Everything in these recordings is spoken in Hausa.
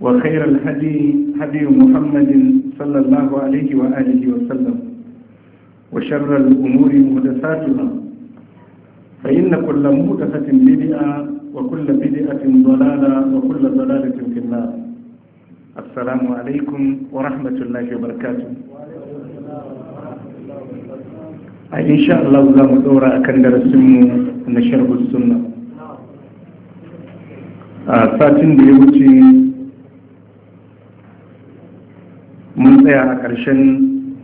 وخير الهدي هدي محمد صلى الله عليه وآله وسلم وشر الأمور مهدساتها فإن كل مهدسة بدئة وكل بدئة ضلالة وكل ضلالة في النار السلام عليكم ورحمة الله وبركاته إن شاء الله لا مدورة أكن درسمه نشرب السنة ساتين da ya wuce tsaya a ƙarshen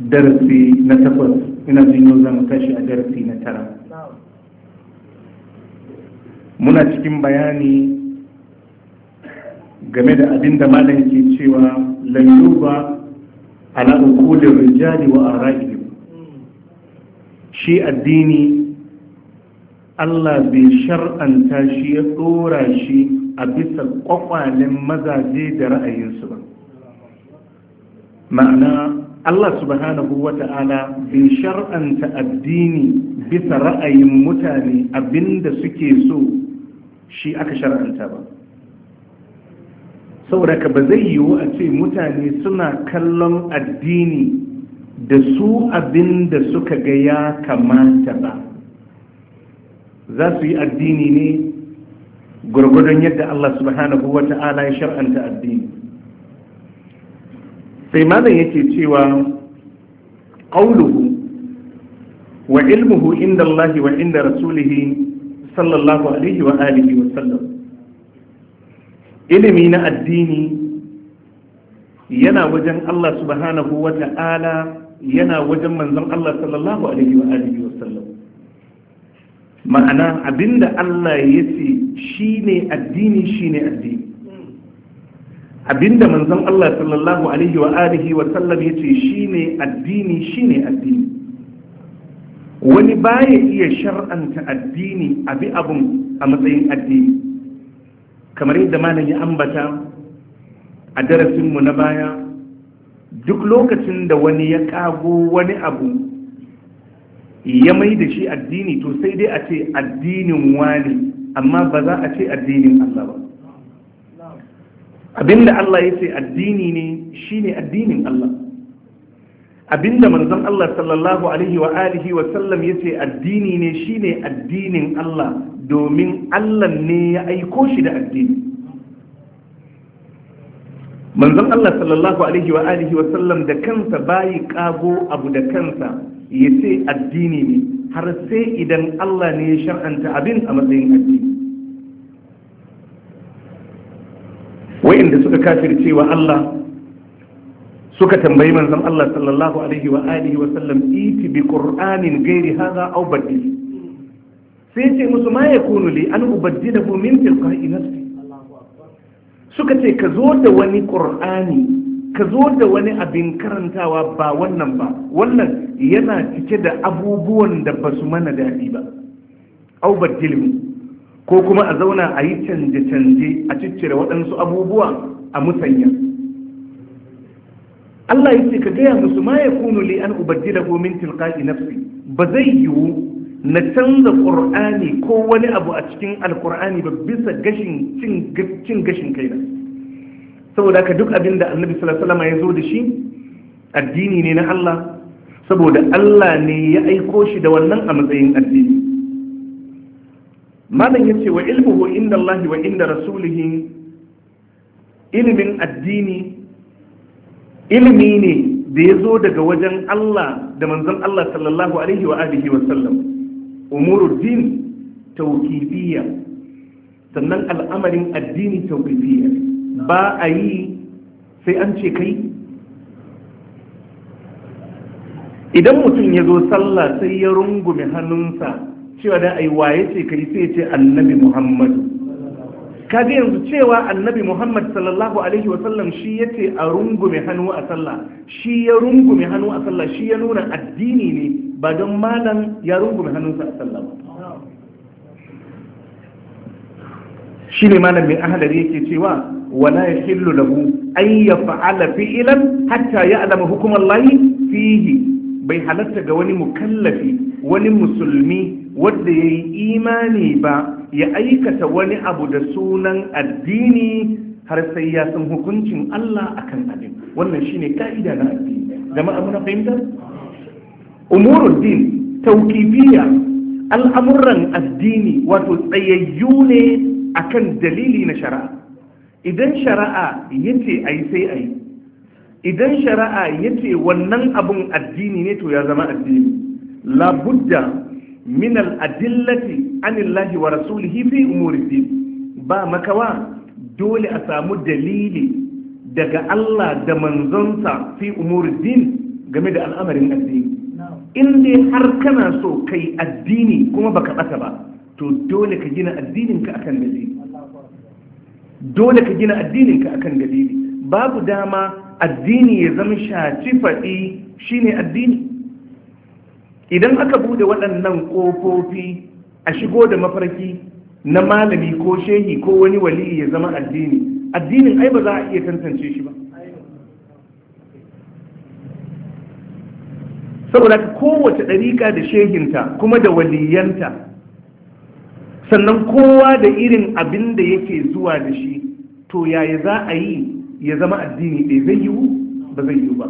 darasi na takwas ina jin yau zamu tashi a darasi na tara muna cikin bayani game da abin da malam ke cewa layuba ala ukulin rijali wa ara'ihim shi addini Allah bai shar'anta shi ya ɗora shi a bisa kwakwalen mazaje da ra'ayinsu ba ma'ana Allah subhanahu wa ta'ala bai shar'anta addini bisa ra'ayin mutane abinda suke so shi aka shar'anta ba saboda ka ba zai yiwu a ce mutane suna kallon addini da su abinda suka ga ya kamata ba za su yi addini ne gwargwadon yadda Allah subhanahu wa ta'ala ya shar'anta addini sai malam yake cewa qauluhu wa ilmuhu inda Allah wa inda rasulih sallallahu alaihi wa alihi wa sallam ilimi na addini yana wajen Allah subhanahu wa ta'ala yana wajen manzon Allah sallallahu alaihi wa alihi wa sallam ma'ana abinda Allah ya ce shine addini shine addini abinda manzon Allah sallallahu alaihi wa alihi wa sallam yace shine addini shine addini wani baya iya shar'anta addini abi abun a matsayin addini kamar yadda malam ya ambata a darasinmu na baya duk lokacin da wani ya kago wani abu ya mai da shi addini to sai dai a ce addinin wani amma ba za a ce addinin Allah ba abinda Allah ya ce addini ne shine addinin Allah abinda manzon Allah sallallahu alaihi wa alihi wa sallam ya addini ne shine addinin Allah domin Allah ne ya aiko shi da addini manzon Allah sallallahu alaihi wa alihi wa sallam da kansa bayi kago abu da kansa ya addini ne har sai idan Allah ne ya shar'anta abin a matsayin addini waɗanda suka kafirce wa Allah suka tambayi manzon Allah sallallahu alaihi wa alihi wa sallam iti bi qur'anin ghairi hadha aw badil sai ce musu ma yakunu li an ubaddilahu min tilqa'i nafsi suka ce ka zo da wani qur'ani ka zo da wani abin karantawa ba wannan ba wannan yana cike da abubuwan da ba su mana daɗi ba au baddilmi ko kuma a zauna a yi canje-canje a ciccire waɗansu abubuwa a musanya Allah yake ka gaya musu ma ya kunu li an ubaddila ko min tilqa'i nafsi ba zai yiwu na canza ƙur'ani ko wani abu a cikin alƙur'ani ba bisa gashin cin gashin kaina saboda ka duk abin da annabi sallallahu ya zo da shi addini ne na Allah saboda Allah ne ya aiko shi da wannan a matsayin addini malam ya ce wa ilmuhu inda Allah wa inda rasulihi ilimin addini ilimi ne da ya zo daga wajen Allah da manzon Allah sallallahu alaihi wa alihi wa sallam umuruddin tawqifiyya sannan al'amarin addini tawqifiyya ba a yi sai an ce kai idan mutum ya zo sallah sai ya rungume hannunsa cewa dan ai waye ce kai sai ce annabi muhammad kaji yanzu cewa annabi muhammad sallallahu alaihi wa sallam shi ya ce a rungume hannu a sallah shi ya rungume hannu a sallah shi ya nuna addini ne ba don malam ya rungume hannunsa a sallah shi ne malam mai ahalari yake cewa wala ya hillu lahu an ya fa'ala fi'ilan hatta ya alama hukumar layi fihi bai halatta ga wani mukallafi wani musulmi wanda ya yi imani ba ya aikata wani abu da sunan addini har sai ya san hukuncin Allah akan abin wannan shine ka'ida na addini jama'a muna fahimtar umurul din al'amuran addini wato tsayayyu ne akan dalili na shari'a idan shari'a yace ai sai ai idan shari'a yace wannan abun addini ne to ya zama addini labudda min al-adillati anillahi wa rasulihi fi umuri din ba makawa dole a samu dalili daga Allah da manzonsa fi umuri din game da al'amarin addini in dai har kana so kai addini kuma baka ɓata ba to dole ka gina addininka akan dalili dole ka gina addininka akan dalili babu dama addini ya zama shaci faɗi shine addini idan aka bude waɗannan ƙofofi a shigo da mafarki na malami ko shehi ko wani wali ya zama addini addinin ai ba za a iya tantance shi ba saboda kowace ɗariƙa da shehinta kuma da waliyanta sannan kowa da irin abin da yake zuwa da shi to yaya za a yi ya zama addini ɗaya eh, zai yiwu ba zai yiwu ba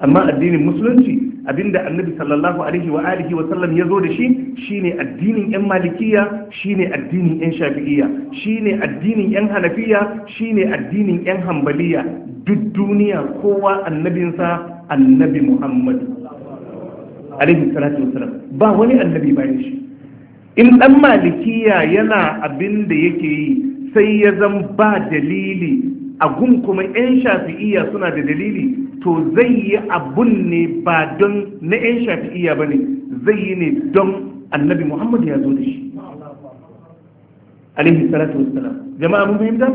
amma addinin musulunci abinda annabi sallallahu alaihi wa alihi wa sallam ya zo da shi shine addinin yan malikiya shine addinin yan shafi'iyya shine addinin yan hanafiya shine addinin yan hambaliya duk duniya kowa annabinsa annabi muhammad alaihi salatu wasalam ba wani annabi bayan shi in dan malikiya yana abin da yake yi sai ya zan ba dalili a gun kuma yan shafi'iyya suna da dalili to zai yi abun ne ba don na 'yan shafi'iya ba ne zai yi ne don annabi Muhammadu ya zo da shi alaihi salatu wassalam jama'a mun fahimta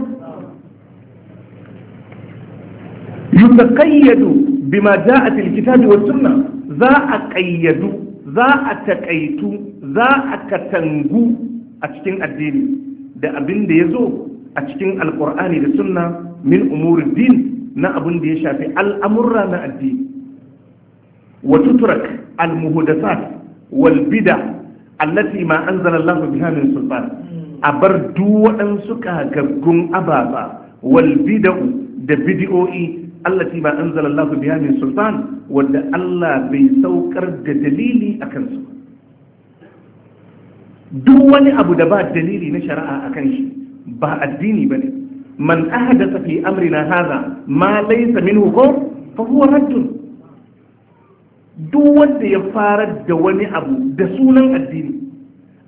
yutaqayyadu bima ja'at alkitabi was sunnah za a ƙayyadu, za a takaitu za a katangu a cikin addini da abin da zo a cikin alkur'ani da sunna min umuri din na abin da ya shafi al'amurra na addini wa tutrak al-muhudasat wal bid'a allati ma anzala Allah biha sultan a bar duk waɗansu kagaggun ababa wal bid'u da bid'o'i allati ma an Allah biha min sultan wadda Allah bai saukar da dalili a kansu. duk wani abu da ba dalili na shari'a kan shi ba addini bane man ahdatha fi amrina hadha ma laysa minhu ko fa huwa raddun duk wanda ya farar da wani abu da sunan addini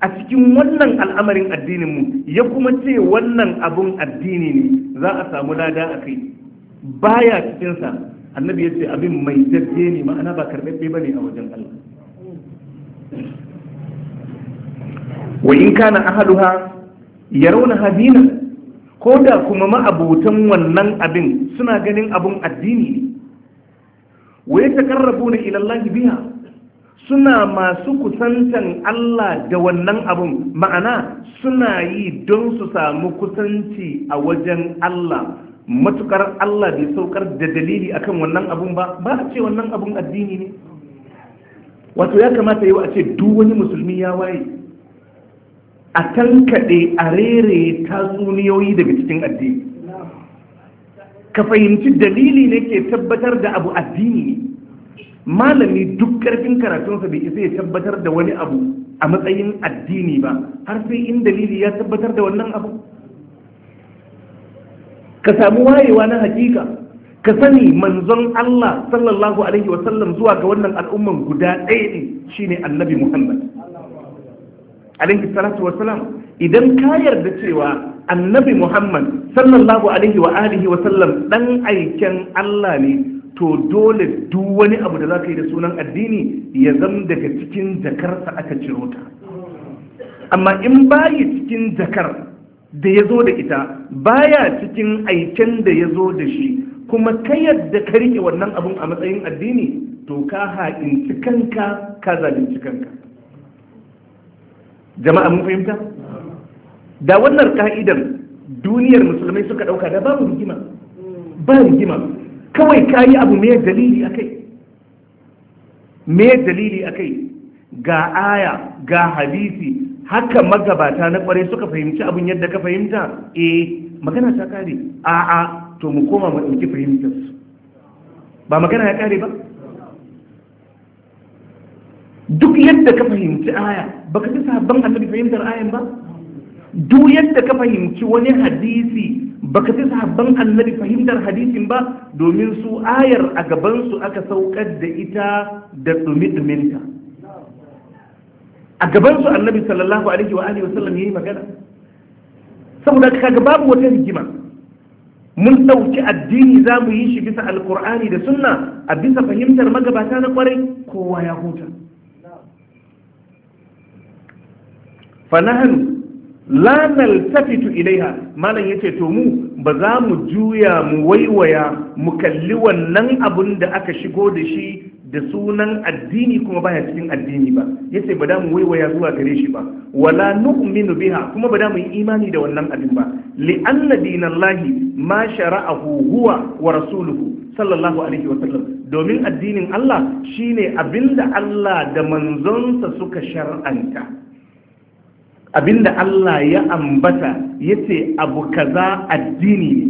a cikin wannan al'amarin addinin mu ya kuma ce wannan abun addini ne za a samu lada a kai baya cikin sa annabi ya ce abin mai jirge ne ma'ana ba karɓaɓɓe ba ne a wajen Allah wa in kana ahaluha yarawna hadina ko da kuma ma'abutan wannan abin suna ganin abun addini ne wa ya taƙarrabu na ilallahi biya suna masu kusantan Allah da wannan abin ma'ana suna yi don su samu kusanci a wajen Allah Matuƙar Allah bai saukar da dalili akan wannan abun ba ba a ce wannan abun addini ne wato ya kamata yau a ce duk wani musulmi ya waye a tankaɗe a rere tatsuniyoyi daga cikin addini ka fahimci dalili ne ke tabbatar da abu addini malami duk ƙarfin karatunsa bai isa ya tabbatar da wani abu a matsayin addini ba har sai in dalili ya tabbatar da wannan abu ka samu wayewa na hakika ka sani manzon Allah sallallahu alaihi wasallam zuwa ga wannan al'umman guda ɗaya ne shine annabi Muhammad alaihi salatu wa salam idan ka yarda cewa annabi muhammad sallallahu alaihi wa alihi wa sallam dan aiken allah ne to dole duk wani abu da za ka yi da sunan addini ya zam daga cikin jakarsa aka ciro ta amma in bayi cikin jakar da ya zo da ita baya cikin aiken da ya zo da shi kuma ka yadda ka rike wannan abun a matsayin addini to ka ha'inci kanka ka zalunci kanka jama'a mun fahimta da wannan ka'idar duniyar musulmai suka dauka da babu rigima ba rigima kawai kayi abu me dalili akai me dalili akai ga aya ga hadisi haka magabata na kware suka fahimci abin yadda ka fahimta eh magana ta kare a'a to mu koma mu ɗauki fahimtar su ba magana ya kare ba duk yadda ka fahimci aya baka ji sahabban annabi fahimtar ayan ba duk yadda ka fahimci wani hadisi baka ji sahabban annabi fahimtar hadisin ba domin su ayar a gaban su aka saukar da ita da dumi-duminta a gaban su annabi sallallahu alaihi wa alihi wasallam yayi magana saboda kaga babu wata rigima mun ɗauki addini za mu yi shi bisa alkur'ani da sunna a bisa fahimtar magabata na kwarai kowa ya huta fa lanar tafitu ilaiha malam yace to mu ba za mu juya mu waiwaya mu kalli wannan abun da aka shigo da shi da sunan addini kuma baya cikin addini ba yace ba da mu waiwaya zuwa gare shi ba wala nu'minu biha kuma ba da mu yi imani da wannan abin ba li anna dinallahi ma shara'ahu huwa wa rasuluhu sallallahu alaihi wa sallam domin addinin Allah shine abinda Allah da manzonsa suka shar'anta abinda Allah ya ambata yace abu kaza addini ne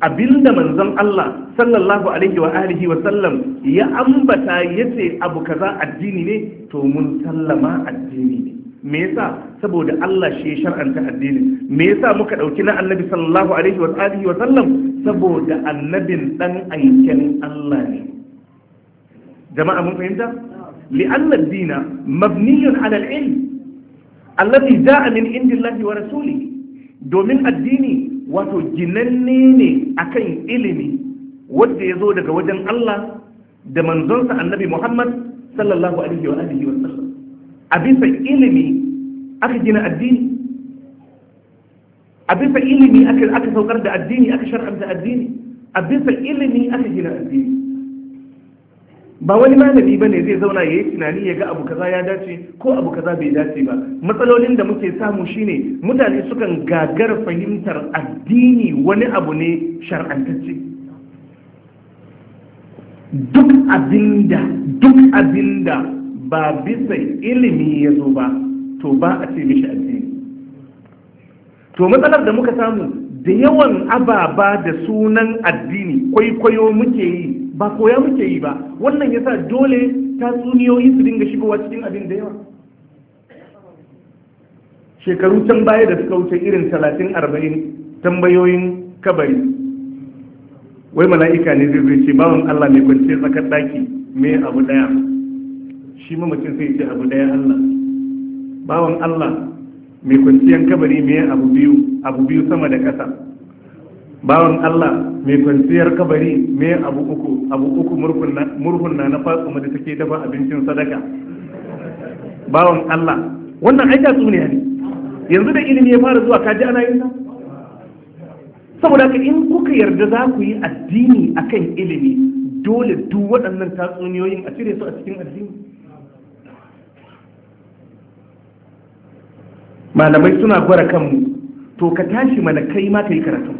abinda manzon Allah sallallahu alaihi wa alihi wa sallam ya ambata yace abu kaza addini ne to mun sallama addini ne me yasa saboda Allah shi ya shar'anta addinin me yasa muka dauki na annabi sallallahu alaihi wa alihi wa sallam saboda annabin dan aikin Allah ne jama'a mun fahimta li'anna ad-dina mabniyun 'ala al-'ilm allazi ja'a min indillahi wa rasuli domin addini wato ginanne ne akan ilimi wanda ya zo daga wajen Allah da manzonsa annabi Muhammad sallallahu alaihi wa alihi wa sallam a bisa ilimi aka gina addini a bisa ilimi aka saukar da addini aka shar'anta addini a bisa ilimi aka gina addini ba wani malami bane zai zauna yayi tunani ya ga abu kaza ya dace ko abu kaza bai dace ba matsalolin da muke samu shine mutane sukan gagar fahimtar addini wani abu ne shar'antacce duk abinda duk abinda ba bisa ilimi ya zo ba to ba a ce mishi addini to matsalar da muka samu da yawan ababa da sunan addini kwaikwayo muke yi ba koya muke yi ba wannan yasa dole tatsuniyoyi su dinga shigowa cikin abin da yawa shekaru can baya da suka wuce irin talatin arba'in tambayoyin kabari wai mala'ika ne zai ce bawan allah mai kwanciyar tsakar daki mai abu daya shi mamacin sai ce abu daya allah bawan allah mai kwanciyar kabari mai abu biyu abu biyu sama da ƙasa bawan Allah mai kwanciyar kabari mai abu uku abu uku murhun na fatsuma da take dafa abincin sadaka bawan Allah wannan ai da ne yanzu da ilimi ya fara zuwa kaji ana yin saboda ka in kuka yarda za ku yi addini akan ilimi dole duk waɗannan tatsuniyoyin a cire su a cikin addini malamai suna gwara kanmu to ka tashi mana kai ma ka yi karatu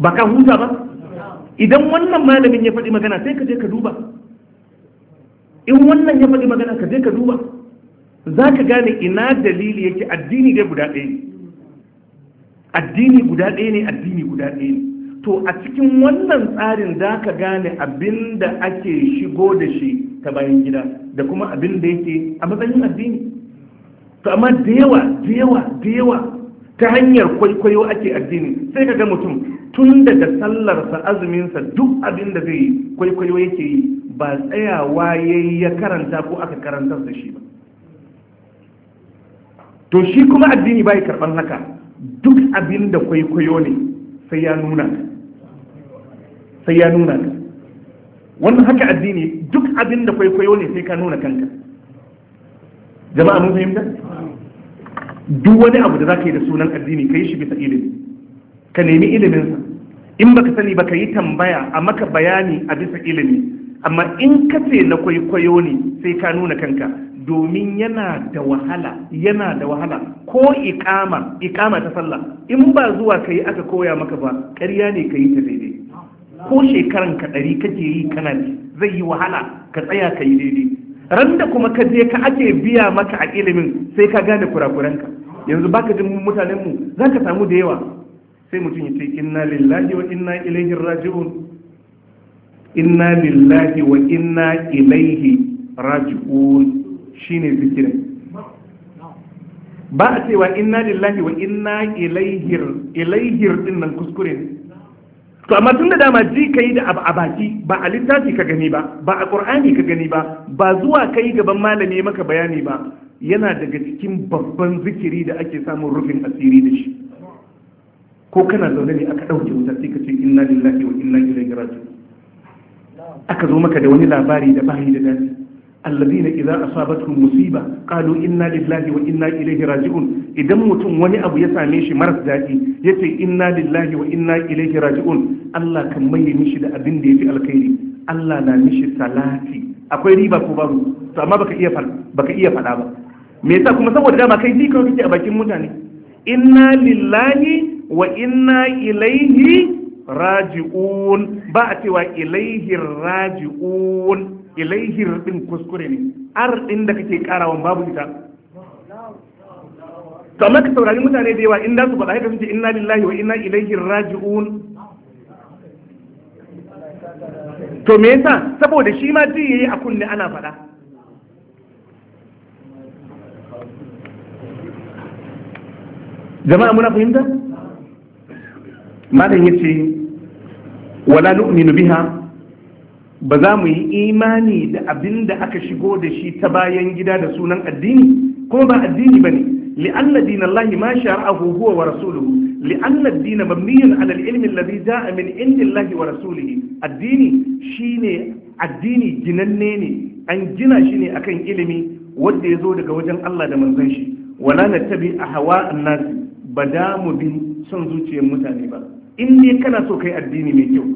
ba ka huta ba idan wannan malamin ya faɗi magana sai ka je ka duba in wannan ya faɗi magana ka je ka duba za ka gane ina dalili yake addini dai guda ɗaya ne addini guda ɗaya ne addini guda ɗaya ne to a cikin wannan tsarin za ka gane abin da ake shigo da shi ta bayan gida da kuma abin da yake a matsayin addini to amma da yawa da yawa da yawa ta hanyar kwaikwayo ake addini sai ka ga mutum tun daga sallarsa azuminsa duk abin da zai yi kwaikwayo yake yi ba tsayawa ya ya karanta ko aka karantar da shi ba to shi kuma addini ba ya karɓar haka duk abin da kwaikwayo ne sai ya nuna sai ya nuna ka wannan haka addini duk abin da kwaikwayo ne sai ka nuna kanka jama'a mun fahimta duk wani abu da zaka yi da sunan addini ka yi shi bisa ilimi ka nemi iliminsa in baka sani ba ka yi tambaya a maka bayani a bisa ilimi amma in ka ce na kwaikwayo ne sai ka nuna kanka domin yana da wahala yana da wahala ko ikama ikama ta sallah in ba zuwa ka yi aka koya maka ba ƙarya ne ka yi ta daidai ko shekaran ka ɗari kake yi kana ne zai yi wahala ka tsaya ka yi daidai Randa kuma ka je ka ake biya maka a ilimin sai ka gane kurakuranka yanzu baka jin mutanen mu ka samu da yawa sai mutum ya ce inna lillahi wa inna ilaihi raji'un inna lillahi wa inna ilaihi raji'un shine zikirin ba a cewa inna lillahi wa inna ilaihi ilaihi din nan kuskure ne to amma tun da dama ji kai da abu a baki ba a littafi ka gani ba ba a qur'ani ka gani ba ba zuwa kai gaban malami maka bayani ba yana daga cikin babban zikiri da ake samun rufin asiri da shi ko kana zaune ne aka ɗauke wuta sai ka ce inna lillahi wa inna ilaihi raji'un aka zo maka da wani labari da bayi da dadi allazina idza asabatuhum musiba qalu inna lillahi wa inna ilaihi raji'un idan mutum wani abu ya same shi maras dadi yace inna lillahi wa inna ilaihi raji'un Allah kan mai mishi da abin da yafi alkhairi Allah na mishi salati akwai riba ko babu to amma baka iya baka iya fada ba me yasa kuma saboda dama kai ni kawai kake a bakin mutane inna lillahi wa inna ilaihi raji'un ba a cewa ilaihi raji'un ilaihi din kuskure ne ar din da kake karawan babu ita to ka saurari mutane da yawa inda su faɗa haka sun ce inna lillahi wa inna ilaihi raji'un to me yasa saboda shi ma ji yayi a kunne ana faɗa jama'a muna fahimta malam ya ce wala nu'minu biha ba za mu yi imani da abinda aka shigo da shi ta bayan gida da sunan addini kuma ba addini ba ne li'anna dinan lahi ma shara'ahu huwa wa rasuluhu li'anna dinan mabniyan ala al-ilmi alladhi ja'a min indi lahi wa rasulihi addini shine addini ginanne ne an gina shi ne akan ilimi wanda ya zo daga wajen Allah da manzon shi wala a hawa nas ba da mu bi son zuciyar mutane ba in dai kana so kai addini mai kyau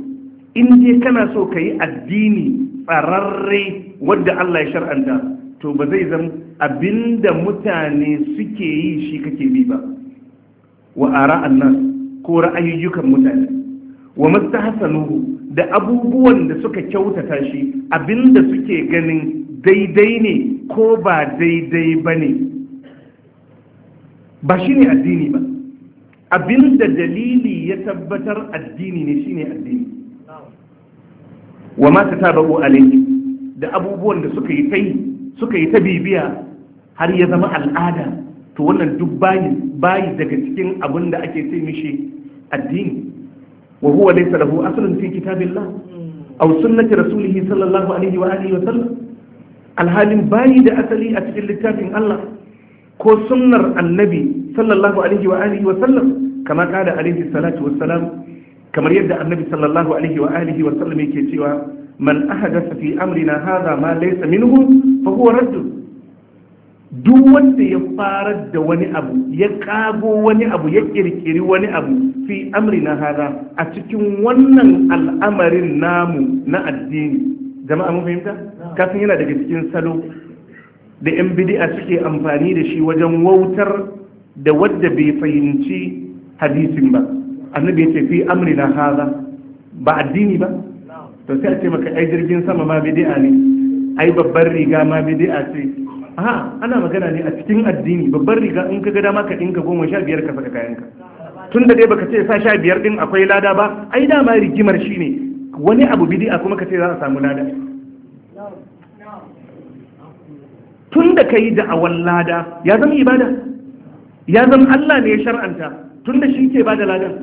in dai kana so kai addini tsararre wadda Allah ya shar'anta to ba zai zama abinda mutane suke yi shi kake bi ba wa ara annas ko ra'ayoyukan mutane wa mastahsanuhu da abubuwan da suka kyautata shi abinda suke ganin daidai ne ko ba daidai bane ba shi ne addini ba abinda dalili ya tabbatar addini ne shi ne addini wa mata ta ba'u da abubuwan da suka yi ta suka yi ta bibiya har ya zama al'ada to wannan duk bayi bayi daga cikin abin da ake ce mishi addini wa huwa laysa lahu aslun fi kitabillah aw sunnati rasulih sallallahu alaihi wa alihi wa sallam alhalin bayi da asali a cikin littafin Allah ko sunnar annabi sallallahu alaihi wa alihi wa sallam kama kada alaihi salatu wa salam kamar yadda annabi sallallahu alaihi wa alihi wa sallam yake cewa man ahadatha fi amrina hadha ma laysa minhu fa huwa radd duk wanda ya fara da wani abu ya kago wani abu ya kirkiri wani abu fi amrina hadha a cikin wannan al'amarin namu na addini jama'a mun fahimta kafin yana daga cikin salo da 'yan bidi'a suke amfani da shi wajen wautar da wadda bai fahimci hadisin ba annabi ya ce fi amri na haza ba addini ba to sai a ce maka ai jirgin sama ma bidi'a ne ai babbar riga ma bidi'a ce ha ana magana ne a cikin addini babbar riga in ka ga dama ka goma sha biyar ka saka kayanka tun da dai baka ce sa sha biyar din akwai lada ba ai dama rigimar shine wani abu bidi'a kuma ka ce za a samu lada tun da ka yi da'awar lada ya zama ibada ya zama Allah ne ya shar'anta tun da shi ke bada ladan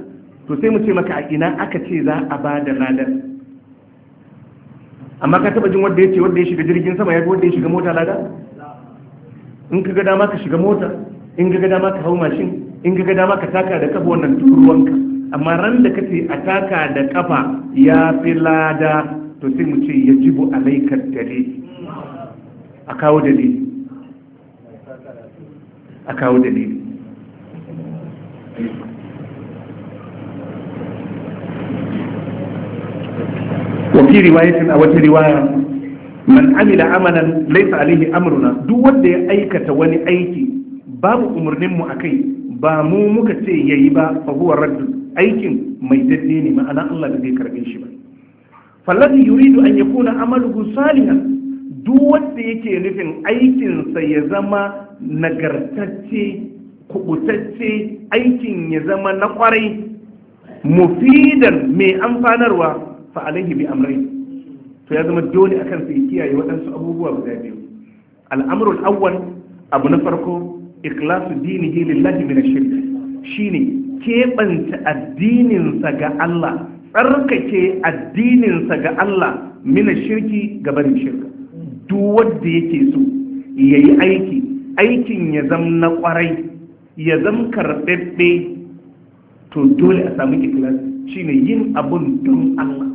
to sai mu ce maka a ina aka ce za a bada ladan amma ka taba jin wanda ya ce wanda ya shiga jirgin sama ya wanda ya shiga mota lada in ka ga dama ka shiga mota in ka ga dama ka hau mashin in ka ga dama ka taka da kafa wannan turuwanka amma ran da kace a taka da kafa ya fi lada to sai mu ce yajibu alaikar dare a kawo dalili a kawo dalili wafi riwayatin a wata riwaya man amila amanan laifa alihi amruna duk wanda ya aikata wani aiki babu umarninmu a kai ba mu muka ce ya yi ba fa raddun aikin mai daddini ma'ana Allah da zai karbe shi ba fallazi yuridu an kuna amalu salihan duk wanda yake nufin aikinsa ya zama nagartacce kubutacce aikin ya zama na kwarai mufidan mai amfanarwa fa alaihi bi amrai to ya zama dole akan sai kiyaye waɗansu abubuwa guda biyu al'amrul awwal abu na farko ikhlasu dinihi lillahi min ash-shirk shine keɓanta addininsa ga Allah tsarkake addininsa ga Allah minashirki, shirki gabanin shirka duk wanda yake so ya yi aiki aikin ya zam na kwarai ya zam karɓaɓɓe to dole a samu ikilas shi ne yin abun don Allah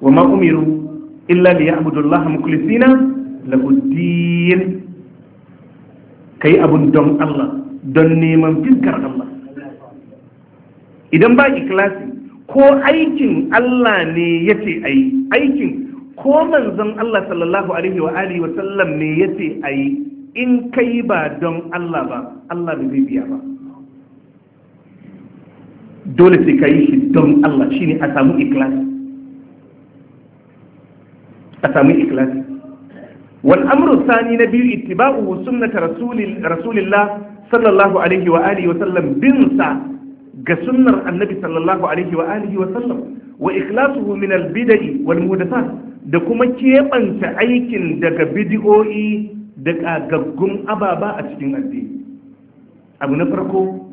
wa ma umiru illa li ya'budu Allah mukhlisina lahu ka yi abun don Allah don neman fiskar Allah idan ba ikilasi ko aikin Allah ne ya ce a yi aikin ko manzon Allah sallallahu alaihi wa alihi wa sallam ne yace ayi in kai ba don Allah ba Allah bai zai biya ba dole sai ka yi shi don Allah shine a samu ikhlas a samu ikhlas wal amru thani na biyu ittiba'u sunnata rasulil rasulillah sallallahu alaihi wa alihi wa sallam bin sa ga sunnar annabi sallallahu alaihi wa alihi wa sallam wa ikhlasuhu min al bid'i wal muhdathat da kuma keɓanta aikin daga bidiyoyi da ƙagaggun ababa a cikin addini abu na farko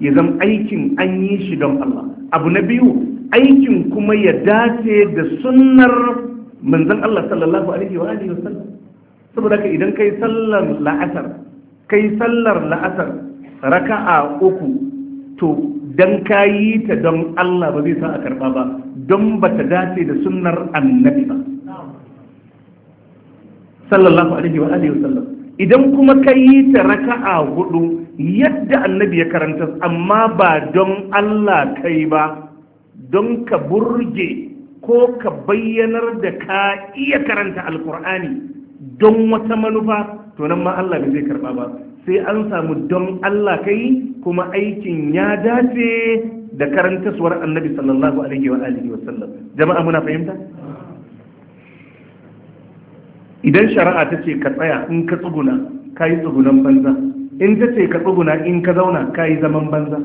ya zama aikin an yi shi don Allah abu na biyu aikin kuma ya dace da sunnar manzan Allah sallallahu alaihi wa alihi wasallam saboda ka idan kai sallar la'asar kai sallar la'asar raka'a uku to dan kayi ta don Allah ba zai sa a karba ba don ba ta dace da sunnar annabi ba sallallahu alaihi wa alihi wasallam idan kuma ka yi ta raka'a hudu yadda annabi ya karanta amma ba don Allah kai ba don ka burge ko ka bayyanar da ka iya karanta alkur'ani don wata manufa to nan ma Allah bai zai karba ba sai an samu don Allah kai kuma aikin ya dace da karantaswar annabi sallallahu alaihi wa alihi wa jama'a muna fahimta idan shari'a ta ce ka tsaya in ka tsuguna ka yi tsugunan banza in ta ce ka tsuguna in ka zauna ka yi zaman banza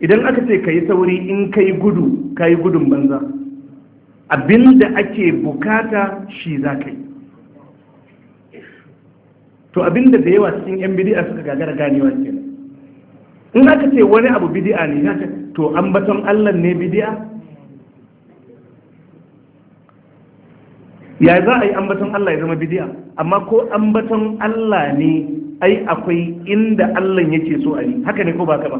idan aka ce ka yi sauri in ka yi gudu ka yi gudun banza abinda ake bukata shi za ka yi to abinda da yawa cikin yan bidi'a suka gagara ganewa kenan in aka ce wani abu bidi'a ne to an baton Allah ne bidi'a ya za a yi ambaton Allah ya zama bidiya amma ko ambaton Allah ne ai akwai inda Allah yake so a yi haka ne ko ba ka ba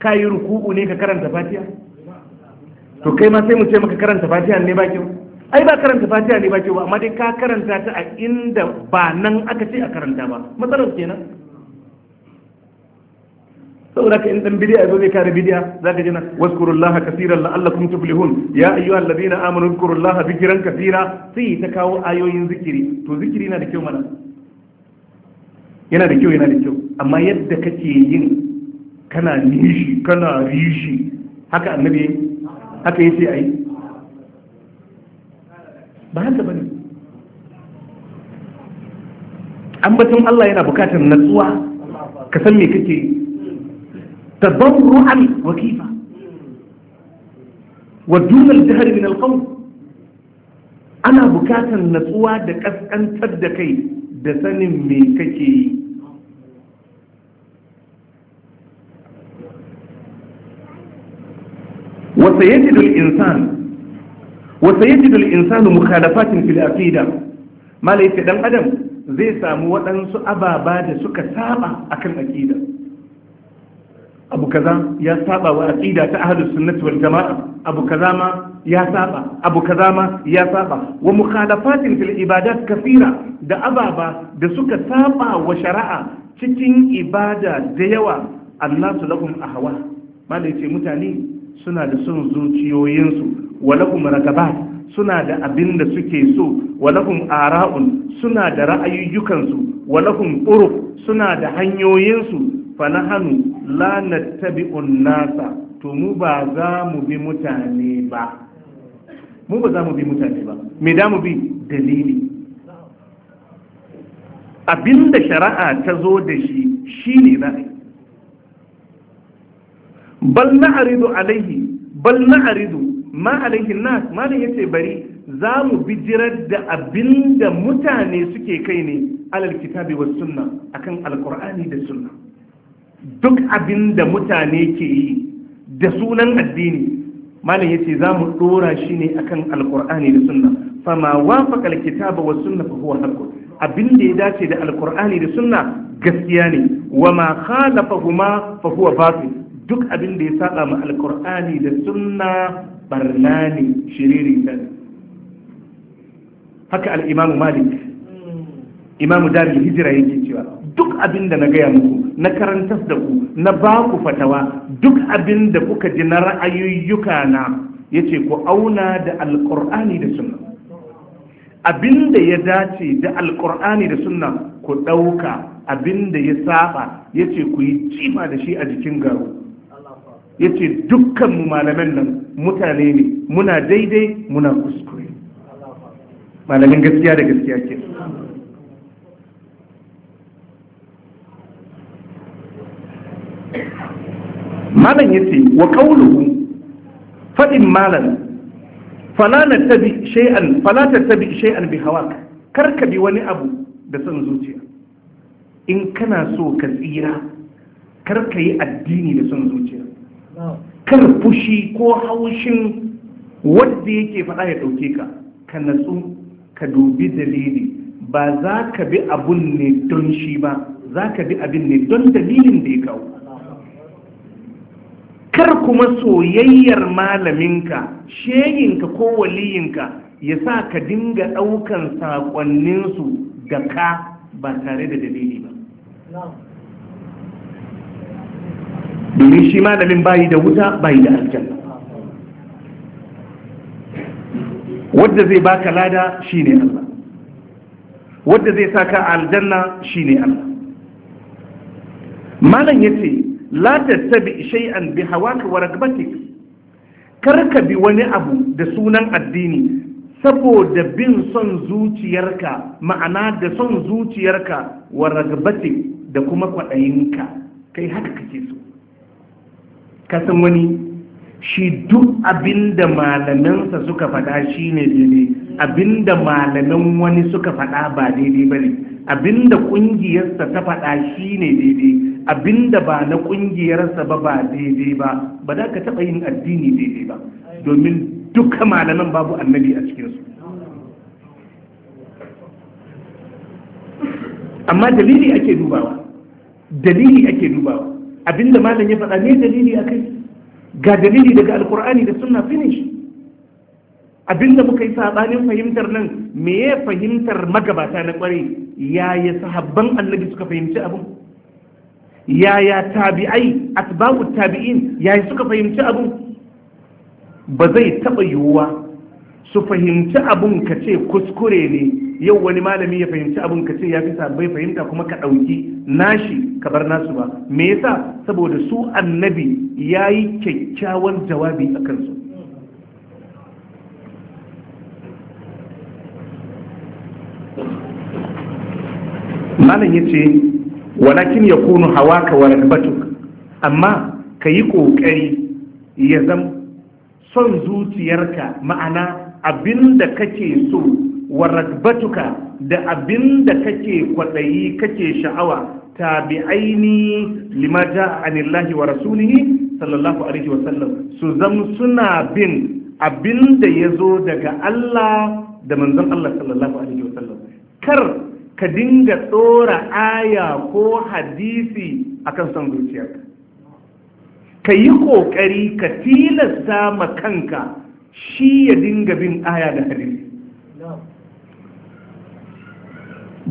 ka yi ruku'u ne ka karanta fatiha to kai ma sai mu ce maka karanta fatiha ne ba kyau ai ba karanta fatiha ne ba kyau amma dai ka karanta ta a inda ba nan aka ce a karanta ba matsalar kenan saboda ka in dan bidiya yazo zai kare bidiya zaka ji na wazkurullaha kaseeran la'allakum tuflihun ya ayyuhal ladina amanu wazkurullaha zikran kaseera sai ta kawo ayoyin zikiri to zikiri yana da kyau mana yana da kyau yana da kyau amma yadda kake yin kana nishi kana rishi haka annabi haka yace ai ba haka bane ambaton Allah yana bukatar natsuwa ka san me kake yi تضرعا وكيفا ودون jihar من القول ana bukatan natsuwa da kaskantar da kai da sanin me kake yi wasa yaji insan wasa yaji dal insanu mukhalafatin fil aqida malai dan adam zai samu waɗansu ababa da suka saba akan aƙida. abu kaza ya saba wa aqida ta ahlus sunnati wal jamaa abu kaza ma ya saba abu kaza ma ya saba wa mukhalafatin fil ibadat kathira da ababa da suka saba wa shari'a cikin ibada da yawa annasu lahum ahwa malai ce mutane suna da son zuciyoyinsu wa lahum ragabat suna da abin da suke so wa ara'un suna da ra'ayoyukansu wa lahum quruf suna da hanyoyinsu fa nahanu la nattabi'un nasa to mu ba za mu bi mutane ba mu ba za mu bi mutane ba me da mu bi dalili abinda shari'a ta zo da shi shine za a yi bal na'ridu alaihi bal na'ridu ma alaihi nas malam yace bari za mu bi jirar da abinda mutane suke kai ne alal kitabi was sunna akan alqur'ani da sunna duk abin da mutane ke yi da sunan addini malam yace za mu dora shi ne akan alkur'ani da sunna fama wafaqa alkitaba was sunna fa huwa haqq abin da ya dace da alkur'ani da sunna gaskiya ne wama khalafahuma fa huwa batil duk abin da ya saba ma alqur'ani da sunna barna ne shiriri ta haka al-imam malik imamu dari hijira yake cewa duk abin da na gaya muku na karantar da ku na ba ku fatawa duk abin da kuka ji na ra'ayoyyuka na ya ce ku auna da alƙur'ani da sunna abin da ya dace da alƙur'ani da sunna ku ɗauka abin da ya saba ya ce ku yi cima da shi a jikin garo ya ce mu malamin nan mutane ne muna daidai muna kuskure malamin gaskiya da gaskiya ke malam yace wa qawluhu fadin malam Falata tabi shay'an falata tabi shay'an bi hawak karka bi wani abu da son zuciya in kana so ka tsira karka yi addini da son zuciya kar fushi ko haushin wanda yake faɗa ya ɗauke ka ka natsu ka dubi dalili ba za ka bi abun ne don shi ba za ka bi abin ne don dalilin da ya kawo kar kuma soyayyar malaminka sheyinka ko waliyinka ya sa ka dinga ɗaukan saƙonninsu da ka ba tare da dalili ba domin shi malamin bayi da wuta bayi da aljanna wadda zai baka lada shi ne Allah wadda zai saka aljanna shi ne Allah malam yace la tattabi shay'an bi hawaka wa ragbatik kar ka bi wani abu da sunan addini saboda bin son zuciyarka ma'ana da son zuciyarka wa ragbatik da kuma kwaɗayinka kai haka kake so Ka san wani shi duk abinda malaminsa suka faɗa shi ne daidai abinda malaman wani suka faɗa ba daidai ba ne abinda ƙungiyarsa ta faɗa shi ne daidai abinda ba na ƙungiyarsa ba ba daidai ba ba za ka taɓa yin addini daidai ba domin duka malaman babu annabi a cikinsu amma dalili ake dubawa dalili ake dubawa abinda malam ya faɗa ne dalili akai ga dalili daga alkur'ani da sunna finish abinda muka yi sabanin fahimtar nan me ya fahimtar magabata na Ya yi sahabban annabi suka fahimci abin yaya tabi'ai asbabu tabi'in yayi suka fahimci abun ba zai taɓa yiwuwa su fahimci abun ka ce kuskure ne yau wani malami ya fahimci abun ka ce ya fi bai fahimta kuma ka ɗauki nashi ka bar nasu ba me yasa saboda su annabi ya yi kyakkyawan jawabi a kansu malam ya ce walakin ya kunu hawaka wa rakbatuk amma ka yi ƙoƙari ya zam son zuciyarka ma'ana abin da kake so wa da abin da kake kwaɗayi kake sha'awa tabi'aini lima ja'a anillahi wa rasulihi sallallahu alaihi wa sallam su zam suna bin abin da ya zo daga Allah da manzon Allah sallallahu alaihi wa sallam kar ka dinga tsora aya ko hadisi akan son zuciyarka ka yi ƙoƙari ka tilasta ma kanka shi ya dinga bin aya da hadisi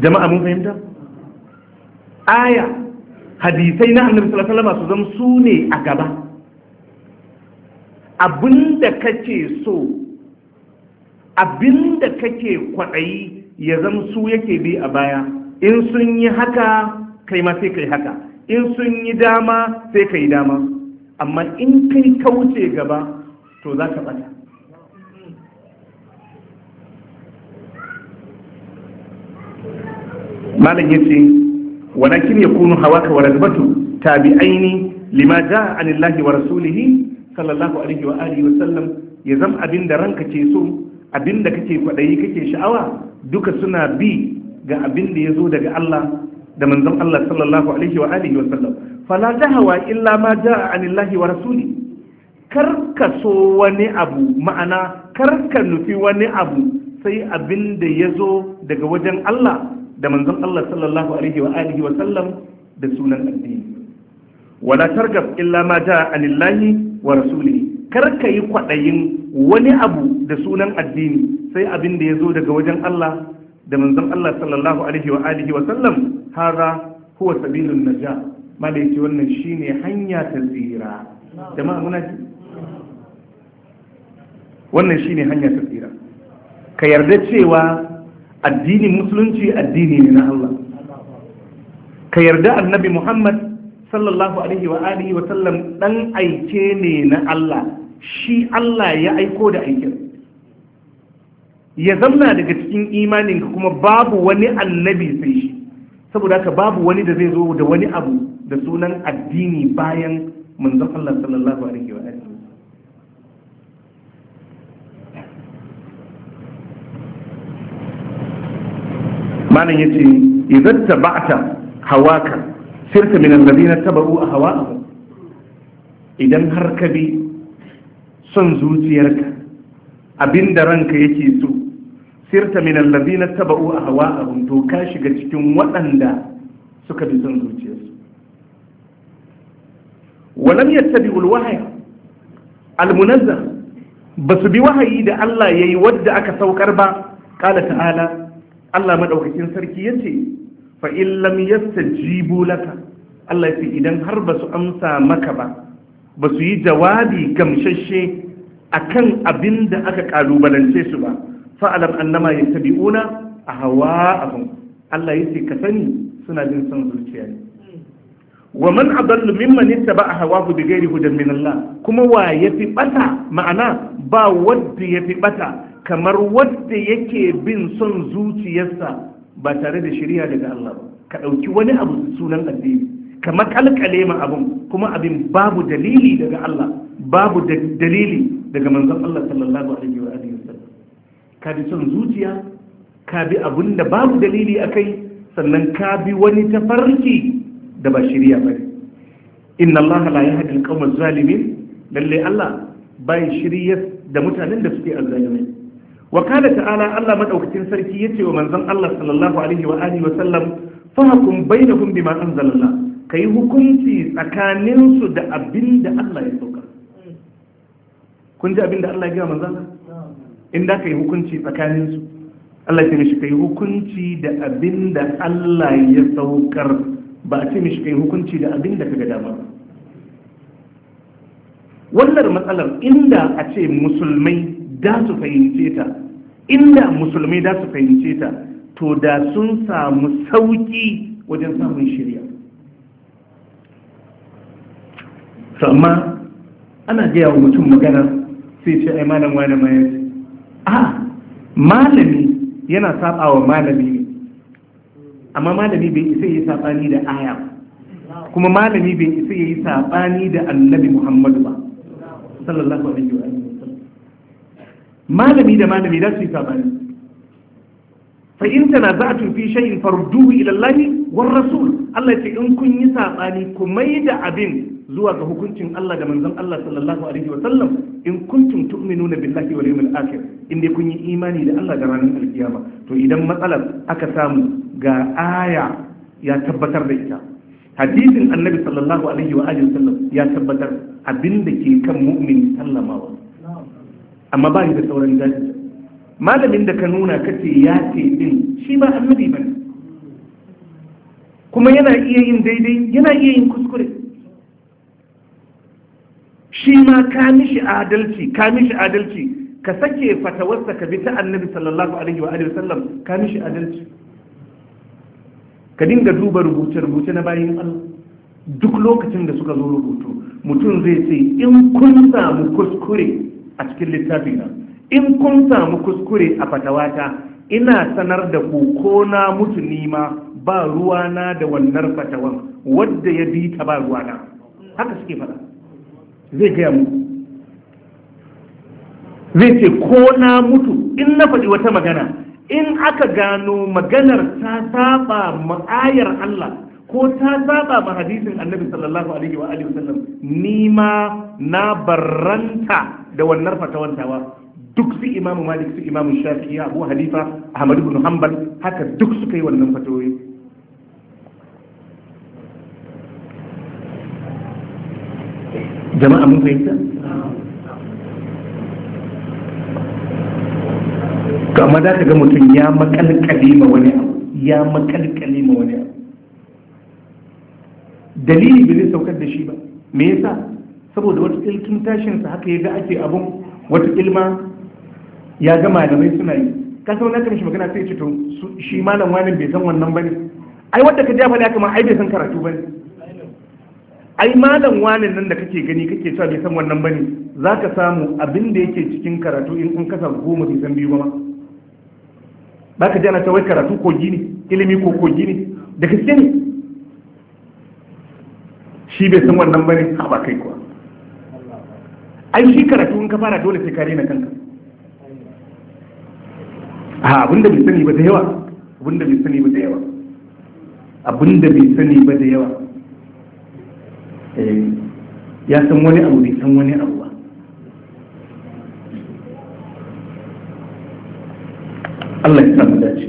jama'a mun fahimta aya hadisai na annabi sallallahu alaihi wasallam su zama su ne a gaba abinda kake so abinda kake kwaɗayi ya zama su yake bi a baya in sun yi haka kai ma sai kai haka in sun yi dama sai kai dama amma in kai kauce gaba to za ka bata malam ya ce walakin ya kunu hawaka wa razbatu tabi'aini lima ja'a anillahi wa rasulihi sallallahu alaihi wa alihi wa sallam ya zama abin da ranka ke so abin da kake kwaɗayi kake sha'awa duka suna bi ga abin da ya zo daga Allah da manzon Allah sallallahu alaihi wa alihi wa sallam fala tahawa illa ma jaa anillahi wa rasuli karka so wani abu ma'ana karka nufi wani abu sai abin da ya zo daga wajen Allah da manzon Allah sallallahu alaihi wa alihi wa sallam da sunan addini wala targab illa ma jaa anillahi wa rasuli kar ka yi kwaɗayin wani abu da sunan addini sai abin da ya zo daga wajen Allah da manzon Allah sallallahu alaihi wa alihi wa sallam hara huwa sabilun naja malaiki wannan shine hanya ta tsira jama'a muna ji wannan shine hanya ta tsira ka yarda cewa addinin musulunci addini ne na Allah ka yarda annabi Muhammad sallallahu alaihi wa alihi wa sallam dan aike ne na Allah shi Allah ya aiko da aikin ya zamna daga cikin imaninka kuma babu wani annabi sai shi saboda haka babu wani da zai zo da wani abu da sunan addini bayan manzon Allah sallallahu alaihi wa alihi malam yace idan tabata hawaka sirta min alladhina tabu hawa idan har ka bi son zuciyarka abin da ranka yake so sirta min a taba'u ahwa'ahum to ka shiga cikin waɗanda suka bi son zuciyarsu walam yattabi'u alwahya ba basu bi wahayi da Allah yayi wadda aka saukar ba kala ta'ala Allah maɗaukacin sarki yace fa in lam yastajibu laka Allah fi idan har basu amsa maka ba ba su yi jawabi gamsashe akan abin da aka kalubalance su ba fa'alam annama yattabi'una ahwa'ahum Allah yace ka sani suna jin son zuciya ne wa man adallu mimman hawa hawahu bighairi hudan min Allah kuma wa yafi bata ma'ana ba wanda yafi bata kamar wanda yake bin son zuciyarsa ba tare da shari'a daga Allah ka dauki wani abu sunan addini ka makalkale ma abin kuma abin babu dalili daga Allah babu dalili daga manzon Allah sallallahu alaihi wa alihi wasallam ka bi son zuciya ka bi abin da babu dalili akai sannan ka bi wani tafarki da ba shirya bane inna Allah la yahdi al-qawma zalimin lalle Allah bai shiriyar da mutanen da suke azzalimai wa kana ta'ala Allah madaukakin sarki yace wa manzon Allah sallallahu alaihi wa alihi wasallam fahkum bainahum bima anzalallah ka yi hukunci tsakaninsu da abin da Allah ya sauka kun ji abin da Allah ya gina manzana inda ka yi hukunci tsakaninsu Allah ce mishi ka yi hukunci da abin da Allah ya saukar ba a ce mishi ka yi hukunci da abin da ka ga dama wannan matsalar inda a ce musulmai da su fahimce ta inda musulmai da su fahimce ta to da sun samu sauki wajen samun shirya to amma ana gaya wa mutum magana sai ce ai malam wani ma yace a malami yana saba wa malami ne amma malami bai isa yi sabani da aya kuma malami bai isa yi sabani da annabi muhammadu ba sallallahu alaihi wa sallam malami da malami za su yi sabani fa in tanaza'tum fi shay'in farduhu ila Allah war rasul Allah ce in kun yi sabani ku maida abin zuwa ga hukuncin Allah da manzon Allah sallallahu alaihi wa sallam in kuntum tu'minuna billahi wal yawmil akhir in dai kun yi imani da Allah da ranar alkiyama to idan matsalar aka samu ga aya ya tabbatar da ita hadisin annabi sallallahu alaihi wa alihi sallam ya tabbatar abin da ke kan mu'min sallamawa amma ba da sauran jahilci malamin da ka nuna kace ya ce din shi ba annabi ba kuma yana iya yin daidai yana iya yin kuskure shi ma ka mishi adalci ka mishi adalci ka sake fatawarsa ka bi ta annabi sallallahu alaihi wa alihi wasallam ka mishi adalci ka dinga duba rubuce-rubuce na bayan Allah duk lokacin da suka zo rubutu mutum zai ce in kun samu kuskure a cikin littafin na in kun samu kuskure a fatawata ina sanar da ku ko na mutu nima ba ruwana da wannan fatawan wadda ya bi ta ba ruwana haka suke fara zai gaya mu zai ce ko na mutu in na faɗi wata magana in aka gano maganar ta saba ma'ayar Allah ko ta saba ma hadisin annabi sallallahu alaihi wa alihi wasallam nima na barranta da wannan fatawan tawa duk su imamu malik su imamu shafi'i abu hanifa ahmad ibn hanbal haka duk suka yi wannan fatoyi jama'a mun fahimta to amma za ta ga mutum ya makalkale ma wani abu ya makalkale ma wani abu dalili bai zai saukar da shi ba me yasa saboda wata ilkin tashinsa haka ya ga ake abun wata ilma ya ga malamai suna yi ka san wannan mishi magana sai ce to shi malam wani bai san wannan bane ai wanda ka ji fa da kuma ai bai san karatu bane ai malam wani nan da kake gani kake cewa bai san wannan bane zaka samu abin da yake cikin karatu in kun kasa goma bai san biyu ba ma Ba ka ana ta wai karatu kogi ne ilimi ko kogi ne da gaske ne shi bai san wannan bane ha ba kai kuwa ai shi karatu in ka fara dole sai ka rena kanka a abinda bai sani ba da yawa abinda bai sani ba da yawa abinda bai sani ba da yawa eh, ya san wani abu bai san wani abu ba Allah ya samu dace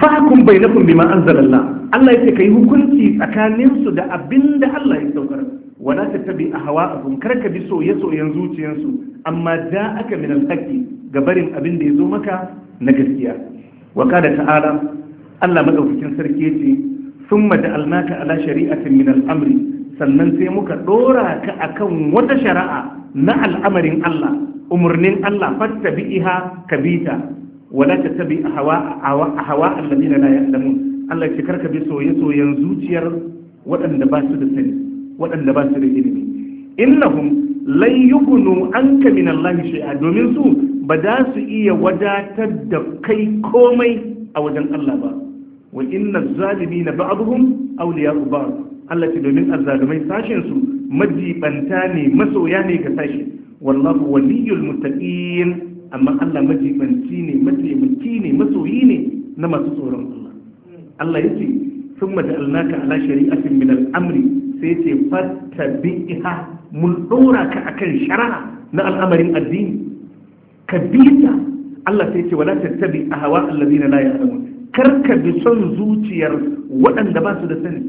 fahkum bainakum bima anzalallah Allah yake kai hukunci tsakaninsu da abinda Allah ya saukar wala tattabi ahwa'ahum karka bi soye-soyen zuciyarsu amma da aka min alhaqi ga barin abin da ya zo maka na gaskiya wa qala ta'ala Allah madaukakin sarki yace da almaka ala shari'atin min al-amri sannan sai muka dora ka akan wata shari'a na al'amarin Allah umurnin Allah fattabi'iha kabita wala tattabi ahwa ahwa alladhina la ya'lamun Allah ya karka bi soye-soyen zuciyar waɗanda ba su da sani waɗanda ba su da ilimi innahum lan yugunu anka min Allah shay'a domin su ba za su iya wadatar da kai komai a wajen Allah ba wa inna zalimina ba'dhum awliya'u ba'd Allah ce domin azzalumai sashin su majibanta ne masoya ne ga sashi wallahu waliyul muttaqin amma Allah majibanci ne mataimaki ne masoyi ne na masu tsoron Allah Allah yace sun maja'alnaka ala shari'atin min al'amri sai ce fattabi'iha mun ɗora ka akan shari'a na al'amarin addini ka bita Allah sai ce wala tattabi ahwa allazina la ya'lamun kar ka bi son zuciyar waɗanda ba su da sani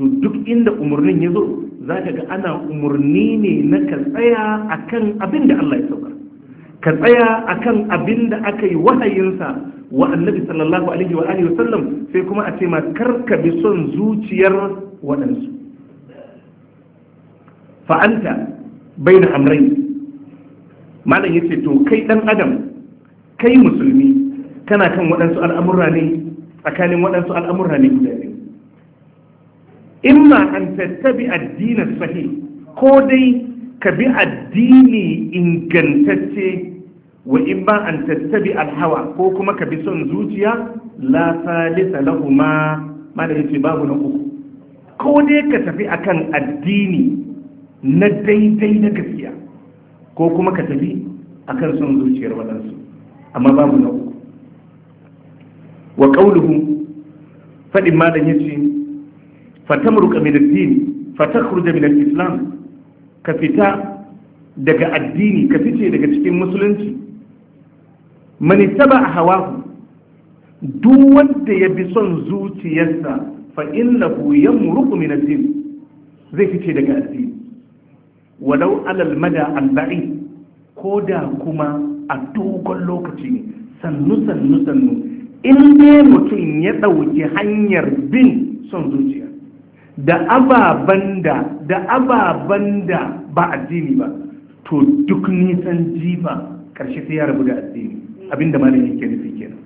to duk inda umarnin ya zo za ka ga ana umarni ne na ka tsaya akan abin da Allah ya sauka ka tsaya akan abin da aka yi wahayinsa wa annabi sallallahu alaihi wa alihi wasallam sai kuma a ce ma karka bi son zuciyar waɗansu fa'anta bai da amrai malam yace to kai ɗan adam kai musulmi kana kan waɗansu al'amurra ne tsakanin waɗansu al'amurra ne guda biyu imma an tattabi addinin sahi ko dai ka bi addini ingantacce wa in ba an tattabi alhawa ko kuma ka bi son zuciya la salisa lahuma mana yace babu na uku ko dai ka tafi akan addini na daidai na gaskiya ko kuma ka tafi akan son zuciyar wadansu amma babu na uku wa ƙauluhu faɗin malam ya fa fatamruka min addini fatakhruja min al-islam ka fita daga addini ka fice daga cikin musulunci mani taba a hawahu duk wanda ya bi son zuciyarsa fa hu yamruku min ad-din zai fice daga addini walau alal mada al-ba'i koda kuma a dogon lokaci ne sannu sannu sannu in dai mutum ya ɗauki hanyar bin son zuciya da ababanda da da ababen da ba addini ba to duk nisan jifa ƙarshe sai ya rabu da addini abinda malamin yake nufi kenan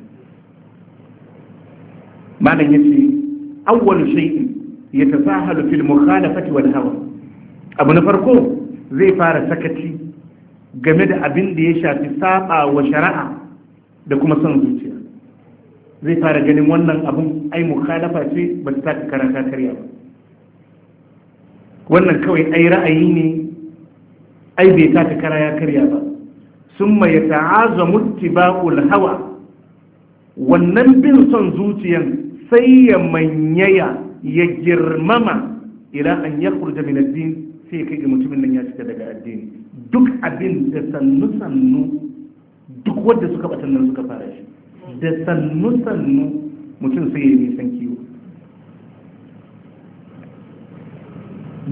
malam yace awwalu shay'in yatasahalu fil mukhalafati wal hawa abu na farko zai fara sakaci game da abin da ya shafi saba wa shari'a da kuma son zuciya zai fara ganin wannan abin ai mukhalafa ce ba ta tafi karanta karya ba wannan kawai ai ra'ayi ne ai bai tafi kara ya karya ba summa yata'azamu ittiba'ul hawa wannan bin son zuciyan sai ya manyaya ya girmama ila an kurja min addini sai sai kai ga mutumin nan ya cika daga addini duk abin da sannu sannu duk wanda suka batan nan suka fara shi da sannu sannu mutum sai ya nisan kiwo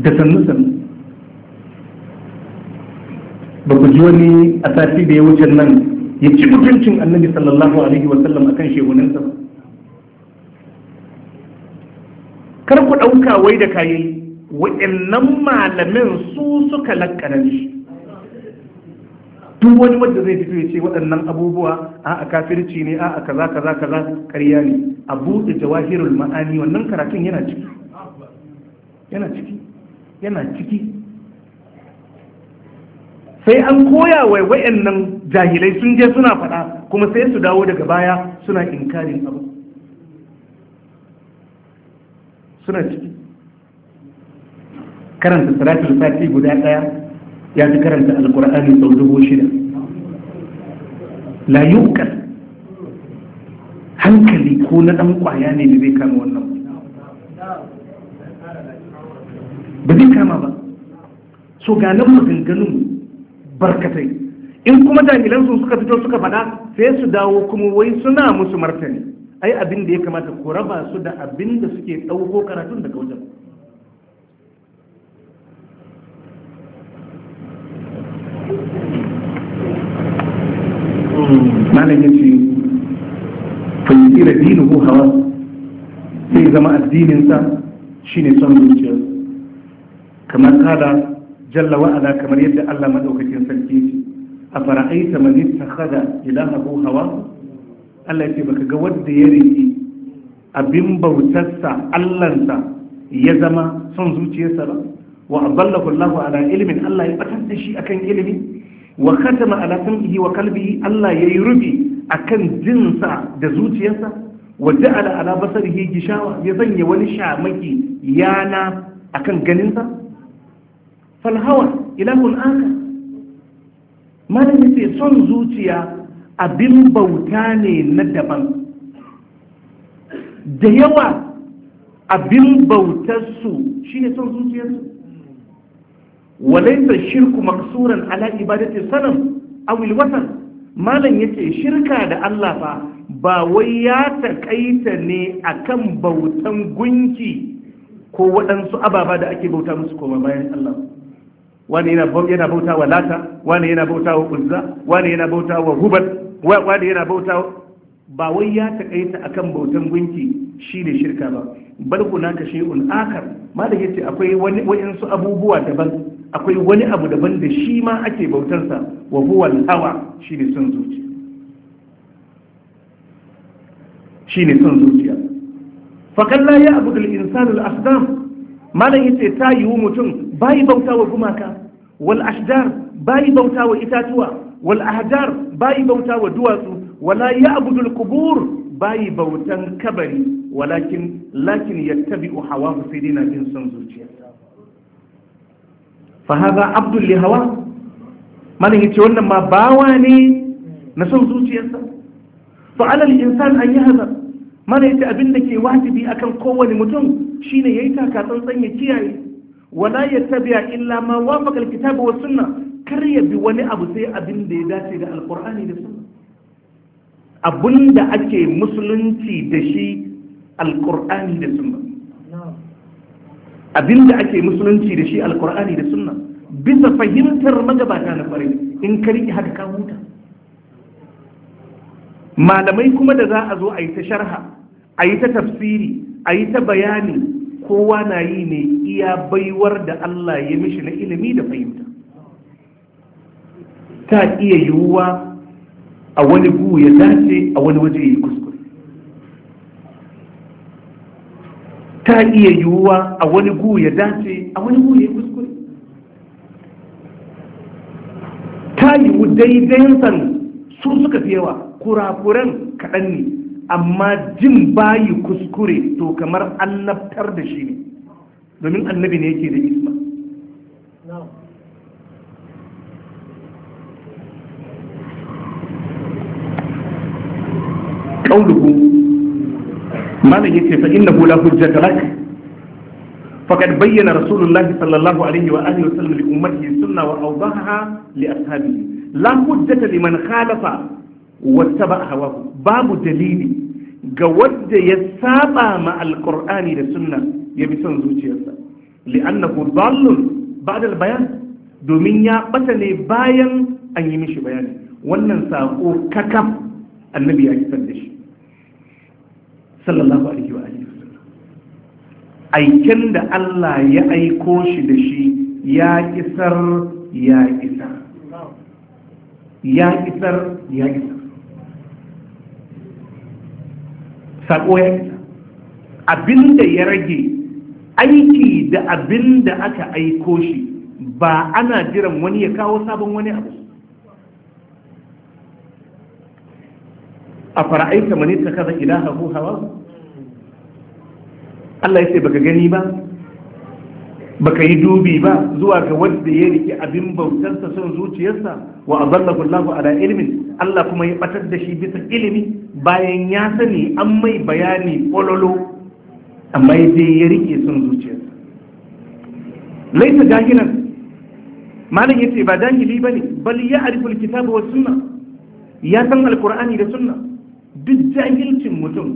da sannu sannu ba ku ji wani a sati da ya wuce nan ya ci mutuncin annabi sallallahu alaihi wa sallam akan shehuninsa ba kar ku ɗauka wai da kayi waɗannan malamin su suka lakkana shi duk wani wanda zai fito ya ce waɗannan abubuwa a a kafirci ne a a kaza kaza kaza ƙarya ne a buɗe jawahirul ma'ani wannan karatun yana ciki yana ciki yana ciki sai an koya wa wayannan jahilai sun je suna faɗa kuma sai su dawo daga baya suna inkarin abu suna ciki karanta salatul fati guda ɗaya ya ji karanta alkur'ani sau dubu shida la hankali ko na ɗan ƙwaya ne da zai kama wannan ba zai kama ba so ga nan maganganun barkatai in kuma jahilan su suka fito suka faɗa sai su dawo kuma wai suna musu martani ai abin da ya kamata ku raba su da abin da suke ɗauko karatun daga wajen malam ya ce hawa sai zama addininsa shine son zuciya kamar kada jalla wa'ala kamar yadda Allah madaukakin sarki shi. a fara'aita man ittakhadha ilahahu hawa Allah ce baka ga wanda ya riki abin bautarsa Allahnsa ya zama son zuciyarsa ba wa adallahu ala ilmin Allah ya batar da shi akan ilimi wa khatama ala sam'ihi wa qalbihi Allah ya yi rubi akan jinsa da zuciyarsa wa ja'ala ala basarihi gishawa ya sanya wani shamaki yana akan ganinsa falhawa ilahun aka malam ce son zuciya abin bauta ne na daban da yawa abin bautarsu shi ne son zuciyarsu walaisa shirku maksuran ala ibadati sanan awil watan malam yace shirka da Allah fa ba wai ya takaita ne akan bautan gunki ko waɗansu ababa da ake bauta musu koma bayan Allah wani yana bauta wa lata wani yana bauta wa uzza wani yana bauta wa hubat wani yana bauta ba wai ya takaita akan bautan gunki shi ne shirka ba bal shi shay'un akar malam yace akwai wani wayansu abubuwa daban akwai wani abu daban da shi ma ake bautarsa wa huwa hawa shine son zuciya ne son zuciya fa ya abudul insanu al asdam malam yace ta yiwu mutum bayi bauta wa gumaka wal ashjar bayi bauta wa itatuwa wal ahjar bayi bauta wa duwatsu wala ya'budu al qubur bayi bautan kabari walakin lakin yattabi'u hawahu sai bin son zuciya fa hada abdul li hawa malam yace wannan ma bawa ne na son zuciyarsa fa alal insan an yahzar malam yace abin da ke wajibi akan kowane mutum shine yayi taka tsantsan ya kiyaye wala tabiya illa ma wafaqa alkitaba was sunna kar ya bi wani abu sai abin da ya dace da alqur'ani da sunna abinda ake musulunci da shi alqur'ani da sunna abinda ake musulunci da shi alqur'ani da sunna bisa fahimtar magabata na fare in ka ki haka ka huta malamai kuma da za a zo a yi ta sharha a yi ta tafsiri a yi ta bayani kowa na yi ne iya baiwar da Allah ya mishi na ilimi da fahimta ta iya yiwuwa a wani gu ya dace a wani waje ya yi kuskure ta iya yiwuwa a wani gu ya dace a wani gu ya yi kuskure ta yiwu daidaitan su suka fi yawa kurakuran kaɗan ne amma jin bayi kuskure to kamar annabtar da shi ne domin annabi ne yake da isma ƙauluhu malam yace fa innahu la hujjata lak فقد بين رسول الله صلى الله عليه وآله وسلم لأمته السنة وأوضحها لأصحابه لا حجة لمن خالف واتبع هواه باب dalili. ga wadda ya saba ma alkur'ani da sunna ya bi son zuciyarsa li'annahu dallun ba'da bayan domin ya bata ne bayan an yi mishi bayani wannan sako kakam annabi ya isar da shi sallallahu alaihi wa alihi aikin da Allah ya aiko shi da shi ya isar ya isar ya isar ya isar sako ya abin da ya rage aiki da abin da aka aiko shi ba ana jiran wani ya kawo sabon wani abu a fara'aita manita kaza ilaha hawa Allah ya ce baka gani ba baka yi dubi ba zuwa ga wanda ya rike abin bautarsa son zuciyarsa wa azallahu Allahu ala ilmin Allah kuma ya batar da shi bisa ilimi bayan ya sani an mai bayani kololo amma ya je ya rike son zuciyarsa laisa jahilan malam yace ba jahili bane bal ya arifu alkitabu wa sunna ya san alqur'ani da sunna duk jahilcin mutum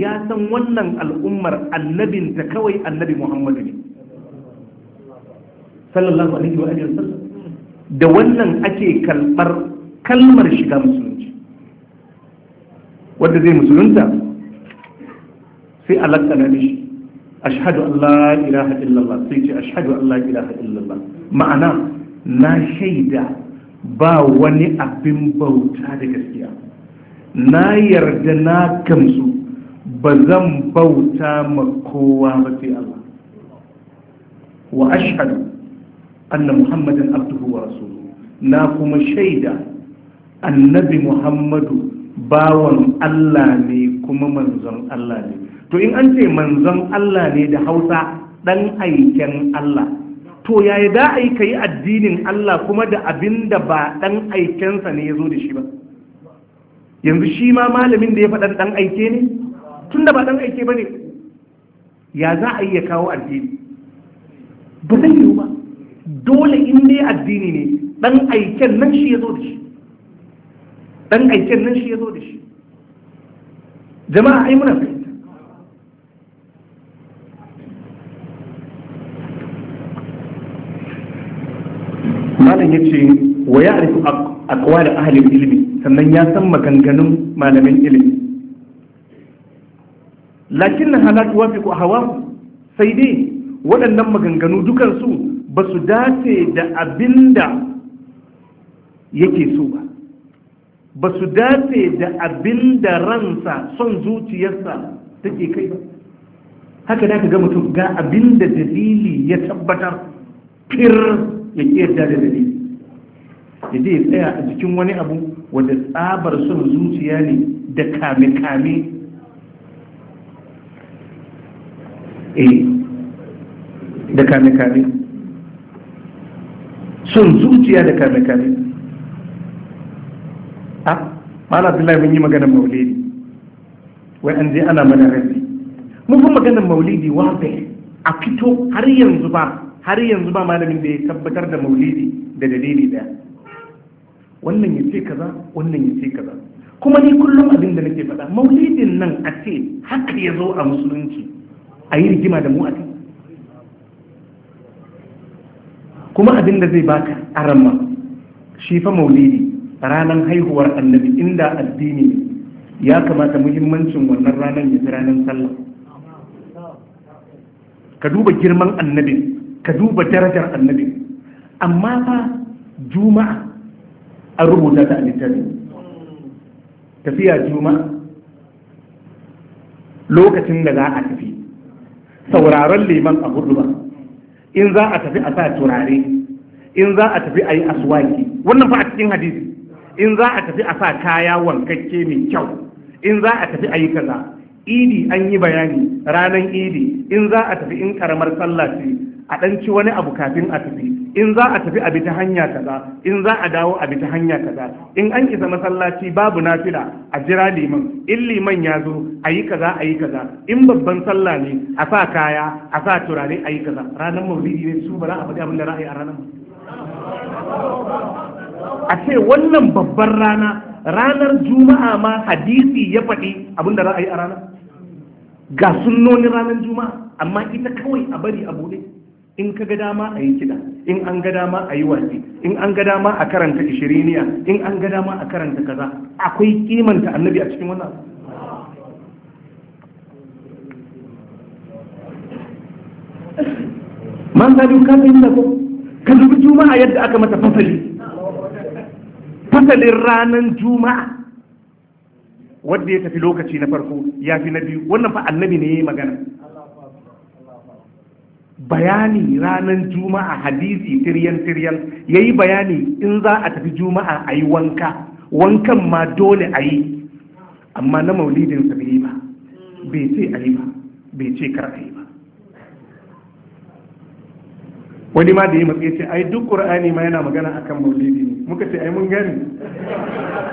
ya san wannan al'ummar annabinta kawai annabi Muhammadu ne sallallahu alaihi wa sallam da wannan ake kalbar kalmar shiga musulunci wanda zai musulunta sai alaka na mishi ashhadu an la ilaha illallah sai ce ashhadu an la ilaha illallah ma'ana na shaida ba wani abin bauta da gaskiya na yarda na gamsu ba zan bauta ma kowa ba sai Allah wa ashhadu anna muhammadin abduhu wa rasuluhu na kuma shaida annabi muhammadu bawan Allah ne kuma manzon Allah ne to in an ce manzon Allah ne da hausa dan aiken Allah to yaya da a yi ka yi addinin Allah kuma da abin da ba ɗan aikensa ne ya zo da shi ba yanzu shi ma malamin da ya faɗan ɗan aike ne tun da ba ɗan aike ba ne ya za a yi ya kawo addini ba zai yiwu ba dole in dai addini ne dan aiken nan shi ya zo da shi dan aiken nan shi ya zo da shi jama'a ai muna fahimta malam ya ce wa ya akwai da ahalin ilimi sannan ya san maganganun malamin ilimi lakin na halatu wafi ko hawa sai dai waɗannan maganganu dukansu ba su dace da abin yake so ba ba su dace da abin ransa son zuciyarsa take kai ba haka da ka ga mutum ga abin dalili ya tabbatar fir ya yarda da dalili ya je ya tsaya a jikin wani abu wanda tsabar son zuciya ne da kame-kame eh, da kame-kame son zuciya da kame-kame a ah, mana abdullahi mun yi maganar maulidi wai an je ana mana rabi mun fi maganar maulidi bai a fito har yanzu ba har yanzu ba malamin da ya tabbatar da maulidi da dalili daya wannan ya ce kaza wannan ya ce kaza kuma ni kullum abin da nake faɗa maulidin nan a ce haka ya zo a musulunci a yi rigima da mu a ce kuma abin da zai baka arama shi fa maulidi ranar haihuwar annabi inda addini ya kamata muhimmancin wannan ranar ya fi ranar sallah ka duba girman annabi, ka duba darajar annabi, amma fa juma'a an rubuta ta a tafiya juma'a lokacin da za a tafi sauraron liman a hudu ba in za a tafi a sa turare in za a tafi a yi aswaki wannan fa a cikin hadisi in za a tafi a sa kaya wankakke mai kyau in za a tafi a yi kaza idi an yi bayani ranar idi in za a tafi in karamar sallah ce a ɗan wani abu kafin a tafi in za a tafi a bi ta hanya kaza in za a dawo a bi ta hanya kaza in an isa masallaci babu nafila a jira liman in liman ya zo a yi kaza a yi kaza in babban sallah ne a sa kaya a sa turare a yi kaza ranar maulidi ne su ba za a faɗi abin da ra'ayi a ranar a ce wannan babban rana ranar juma'a ma hadisi ya faɗi abin da ra'ayi a ranar ga sunnoni ranar juma'a amma ita kawai a bari a buɗe in ka ga dama a yi kiɗa in an ga dama a yi wasi in an ga dama a karanta ishiriniya in an ga dama a karanta kaza akwai kimanta annabi a cikin wannan man sa duka ta yi ko ka dubi juma'a yadda aka mata fasali fasalin ranar juma'a wadda ya tafi lokaci na farko ya fi na biyu wannan fa annabi ne ya yi magana bayani ranar juma'a hadisi tiryan tiryan ya yi bayani in za a tafi juma'a a yi wanka wankan ma dole a yi amma na maulidinsa bai yi ba bai ce a yi ba bai ce kar a yi ba wani ma da ya matsayi ce ai duk ƙur'ani ma yana magana akan maulidi ne muka ce ai mun gani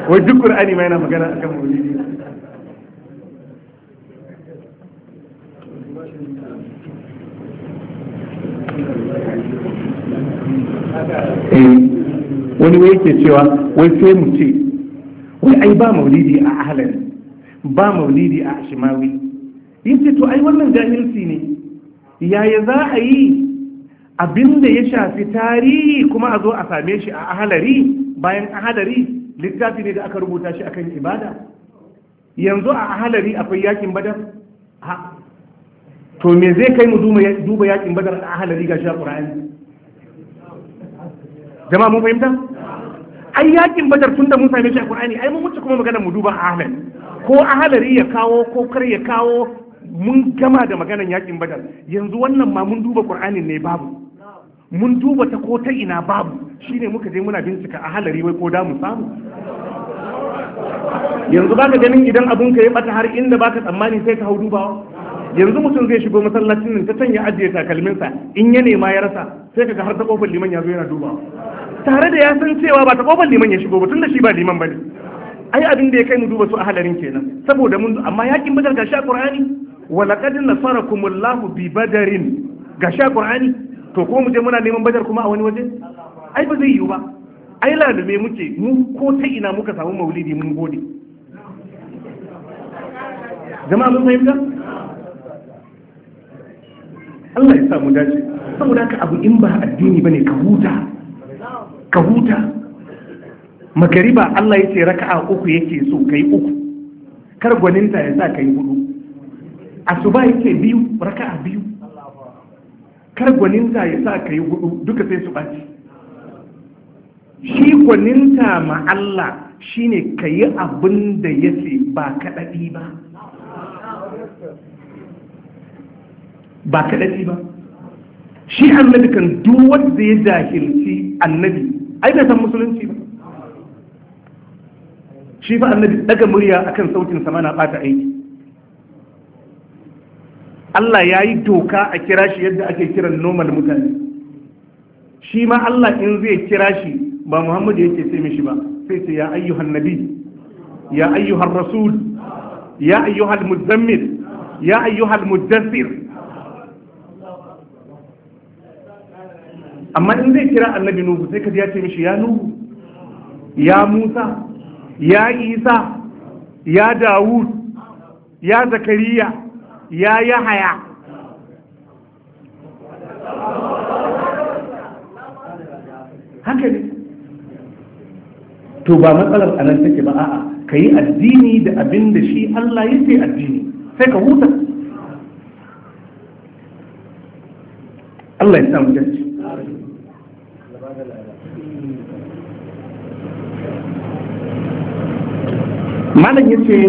wai duk ƙur'ani ma yana magana akan maulidi ne Eh, wani wai ke cewa wai sai mu ce wai ai ba maulidi a ahalan ba maulidi a shimawi yin ce to ai wannan jahilci ne yaya za a yi abinda ya shafi tarihi kuma a zo a same shi a ahalari bayan ahalari littafi ne da aka rubuta shi akan ibada yanzu a ahalari akwai yakin badar to me zai kai mu duba yakin badar a ahalari ga shi a jama'a mun fahimta ai yakin badar tun da mun same shi a qur'ani ai mun wuce kuma magana mu duba ahlan ko ahlari ya kawo ko kar ya kawo mun gama da maganan yakin badar yanzu wannan ma mun duba qur'ani ne babu mun duba ta ko ta ina babu shine muka je muna bincika a wai ko da mu samu yanzu baka ganin idan abun ka ya bata har inda baka tsammani sai ka hau dubawa yanzu mutum zai shigo masallacin nan ta can ya ajiye takalminsa in ya nema ya rasa sai kaga har ta kofar liman ya zo yana dubawa tare da ya san cewa ba ta ƙofar liman ya shigo ba tun da shi ba liman ba ne ai abin da ya kai mu duba su a halarin kenan saboda mun amma yakin badar ga sha qur'ani wa laqad nasarakumullahu bi badarin ga sha qur'ani to ko mu je muna neman badar kuma a wani waje ai ba zai yiwu ba ai lalume muke mu ko ta ina muka samu maulidi mun gode jama'a mun fahimta Allah ya sa mu dace saboda haka abu in ba addini bane ka huta ka huta magariba Allah ya ce raka'a uku yake so kai uku kar gwaninta ya sa kai hudu asuba yake biyu raka'a biyu kar gwaninta ya sa kai hudu duka sai su baci shi gwaninta ma Allah shine kayi abin da yace ba kadadi ba ba kadadi ba shi annabi kan duk wanda ya jahilci annabi ai bai san musulunci ba shi fa annabi daga murya akan sautin sa mana bata aiki Allah ya yi doka a kira shi yadda ake kiran normal mutane shi ma Allah in zai kira shi ba Muhammadu yake sai mishi ba sai ce ya ayyuhan nabi ya ayyuhan rasul ya ayyuhan muzammil ya ayyuhan muddassir amma in zai kira annabi nuhu sai ka ya ce mishi ya nuhu ya musa ya isa ya dawud ya zakariya ya yahaya haka ne to ba matsalar anan take ba a'a ka yi addini da abin da shi Allah ya ce addini sai ka huta Allah ya samu dace malam yace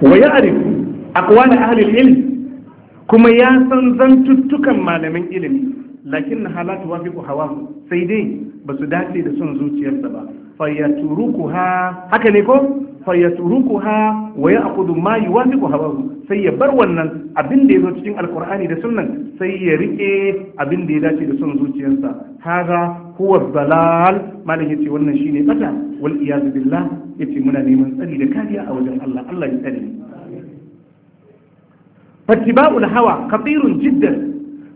wa ya'rifu aqwal ahli al-ilm kuma ya san zantuttukan malaman ilimi lakin halatu wa fi hawa sai dai ba su dace da son zuciyarsa ba fayyaturukuha haka ne ko fayyaturukuha wa ya'khudhu ma yuwafiqu hawa sai ya bar wannan abin da yazo cikin Alƙur'ani da sunnan sai ya rike abin da ya dace da son zuciyarsa haza huwa dalal malam yace wannan shine bata wal iyaz billah yace muna neman tsari da kariya a wajen Allah Allah ya tsare fattiba'ul hawa kabirun jiddan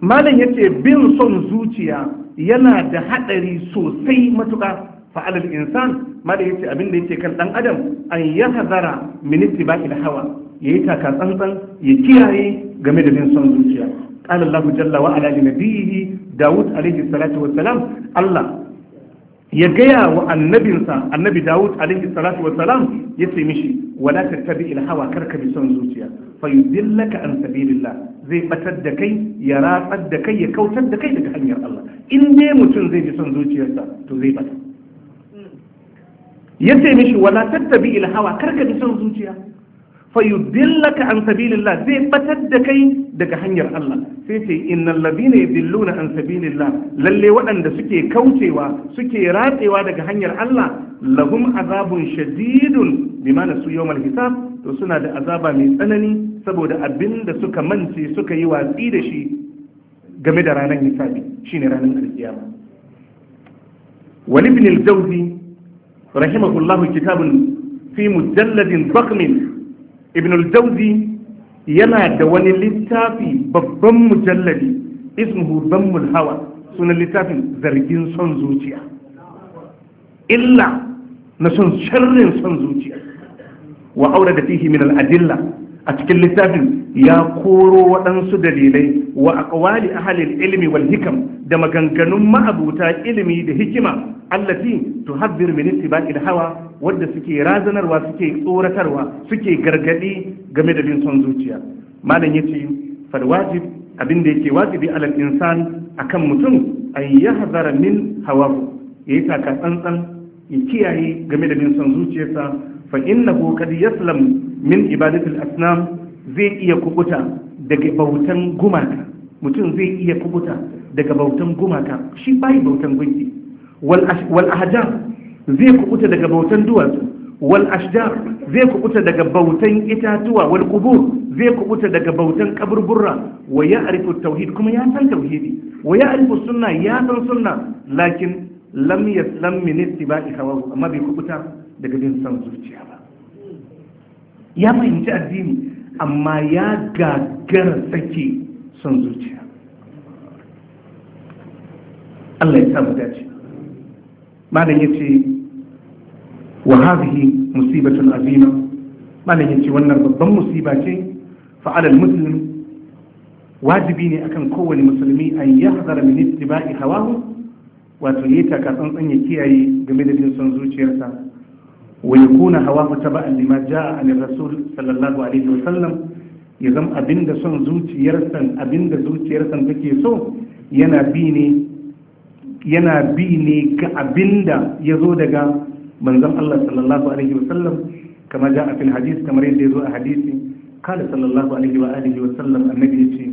malam yace bin son zuciya yana da hadari sosai matuƙa fa insan malam yace abin da yake kan dan adam an yahzara min ittiba'il hawa yayi taka tsantsan ya kiyaye game da bin son zuciya قال الله جل وعلا لنبيه داود عليه الصلاة والسلام الله يجيا والنبي النبي داود عليه الصلاة والسلام يسي مشي ولا تتبع الهوى كركب سن زوجيا فيدلك عن سبيل الله زي بتدكي يرى قدكي يكوتدكي لك حنير الله إن دي متن زي سن زوجيا تو زي بتا يسي مشي ولا تتبع الهوى كركب سن زوجيا فيدلك عن سبيل الله زي بتدكي daga hanyar Allah sai ce innal ladina yadilluna an sabilillah lalle waɗanda suke kaucewa suke ratsewa daga hanyar Allah lahum azabun shadidun bima nasu yawmal hisab to suna da azaba mai tsanani saboda abinda suka mance suka yi watsi da shi game da ranar hisabi shine ranar alkiyama wal ibn al-jawzi rahimahullahu kitabun fi mujalladin dhaqmin ibn al-jawzi yana da wani littafi babban mujalladi ismuhu zammul hawa sunan littafin zargin son zuciya illa na son sharrin son zuciya wa aure da fihi min a cikin littafin ya koro waɗansu dalilai wa aqwali ahlil ilimi wal hikam da maganganun ma'abuta ilimi da hikima allati tuhaddir min ittiba'il hawa wadda suke razanarwa suke tsoratarwa suke gargadi game da bin son zuciya malam yace fal wajib abin da yake wajibi alal insan akan mutum an yahzara min hawa yayi taka tsantsan ya kiyaye game da bin son zuciyarsa fa innahu kad yaslam min ibadatul asnam zai iya kubuta daga bautan gumaka mutum zai iya kubuta daga bautan gumaka shi bai bautan gunki wal ahjar zai kubuta daga bautan duwatsu wal ashjar zai kubuta daga bautan itatuwa wal qubur zai kubuta daga bautan kaburburra wa ya'rifu tauhid kuma ya san tauhidi wa ya'rifu sunna ya san sunna lakin lam yaslam min ittiba'i hawa amma bai kubuta daga bin son zuciya ba ya fahimci addini amma ya gagara sake son zuciya Allah ya samu dace malam ya ce wa hadhihi musibatun azima malam ya ce wannan babban musiba ce fa'adar musulmi wajibi ne akan kowane musulmi an yi yahzara min ittiba'i hawahu wato yi taka tsantsan ya kiyaye game da bin son zuciyarsa ويكون هواه تبعا لما جاء عن الرسول صلى الله عليه وسلم يزم أبن دا سن زوتي يرسن أبن دا زوتي يرسن تكي سو ينا بيني yana bi ne ga abin ya zo daga manzan Allah sallallahu Alaihi wasallam kama ja a fil hadis kamar yadda ya zo a hadisi kada sallallahu Alaihi wa Alaihi wasallam annabi ya ce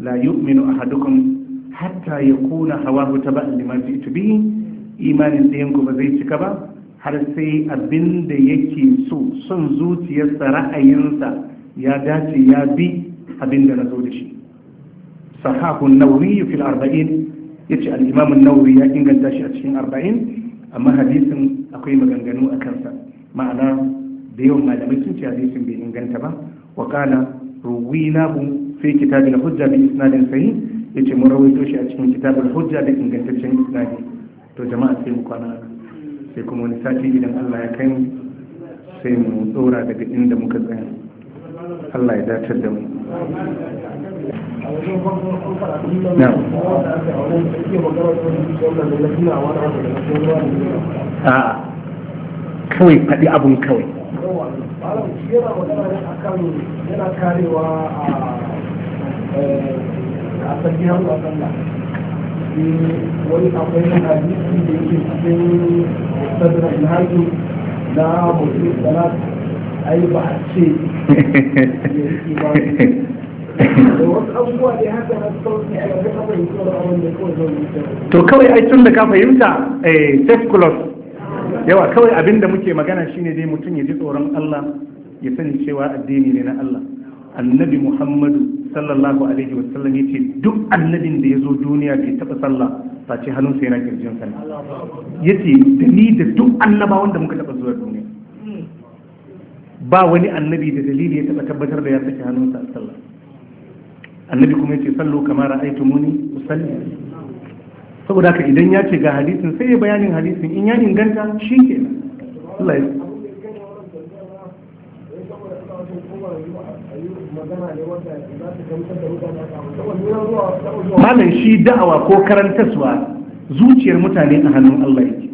la yu'minu ahadukum hatta ya kuna hawahu ta ba'an lima ji ita bihi imanin ɗayan ku ba zai cika ba har sai abin da yake so son zuciyarsa ra'ayinsa ya dace ya bi abin da na zo da shi sahahun nauri fil arba'in ya ce al'imamun nauri ya inganta shi a cikin arba'in amma hadisin akwai maganganu a kansa ma'ana da yawan malamai sun ce hadisin bai inganta ba wa kana na bu fi kitabin hujja bi isnadin sahih ce mu rawaito shi a cikin kitabin hujja da ingantaccen isnadi to jama'a sai mu kwana sai kuma wani sati idan Allah ya kai sai mu tsora daga inda muka tsaya Allah ya dacar da mu a kawai faɗi abun kawai yana karewa a eh, sarki hannu a wani akwai na da yake cikin sadra to kawai ai tun da ka fahimta eh yawa kawai abinda muke magana shine dai mutum ya ji tsoron Allah ya sani cewa addini ne na Allah annabi Muhammadu sallallahu alaihi wa sallam yace duk annabin da yazo duniya bai taba sallah face hannunsa yana kirjin sa yace da ni da duk annaba da muka taba zuwa duniya ba wani annabi da dalili ya taba tabbatar da ya saki hannunsa a sallah annabi kuma yace sallu kama ra'aytumuni usalli saboda haka idan ya ce ga hadisin sai ya bayanin hadisin in ya inganta shi ke Allah ya magana ne wanda malam shi da'awa ko karantaswa zuciyar mutane a hannun Allah yake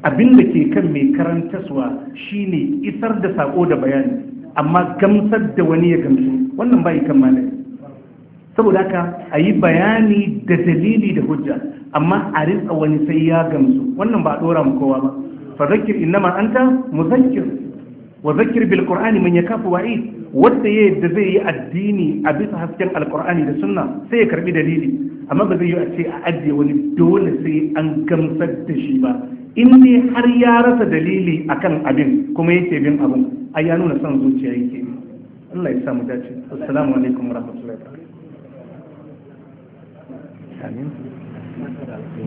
da ke kan mai karantaswa shine isar da sako da bayani amma gamsar da wani ya gamsu wannan bai kan malami saboda haka a yi bayani da dalili da hujja amma a rinsa wani sai ya gamsu wannan ba a dora mu kowa ba fa zakir innama anta muzakkir wa zakir bil qur'ani man yakafu wa'id wanda ya yadda zai yi addini a bisa hasken alkur'ani da sunna sai ya karbi dalili amma ba zai yi a ce a ajiye wani dole sai an gamsar da shi ba in ne har ya rasa dalili akan abin kuma yake bin abin ai ya nuna son zuciya yake Allah ya sa mu dace assalamu alaikum warahmatullahi wabarakatuh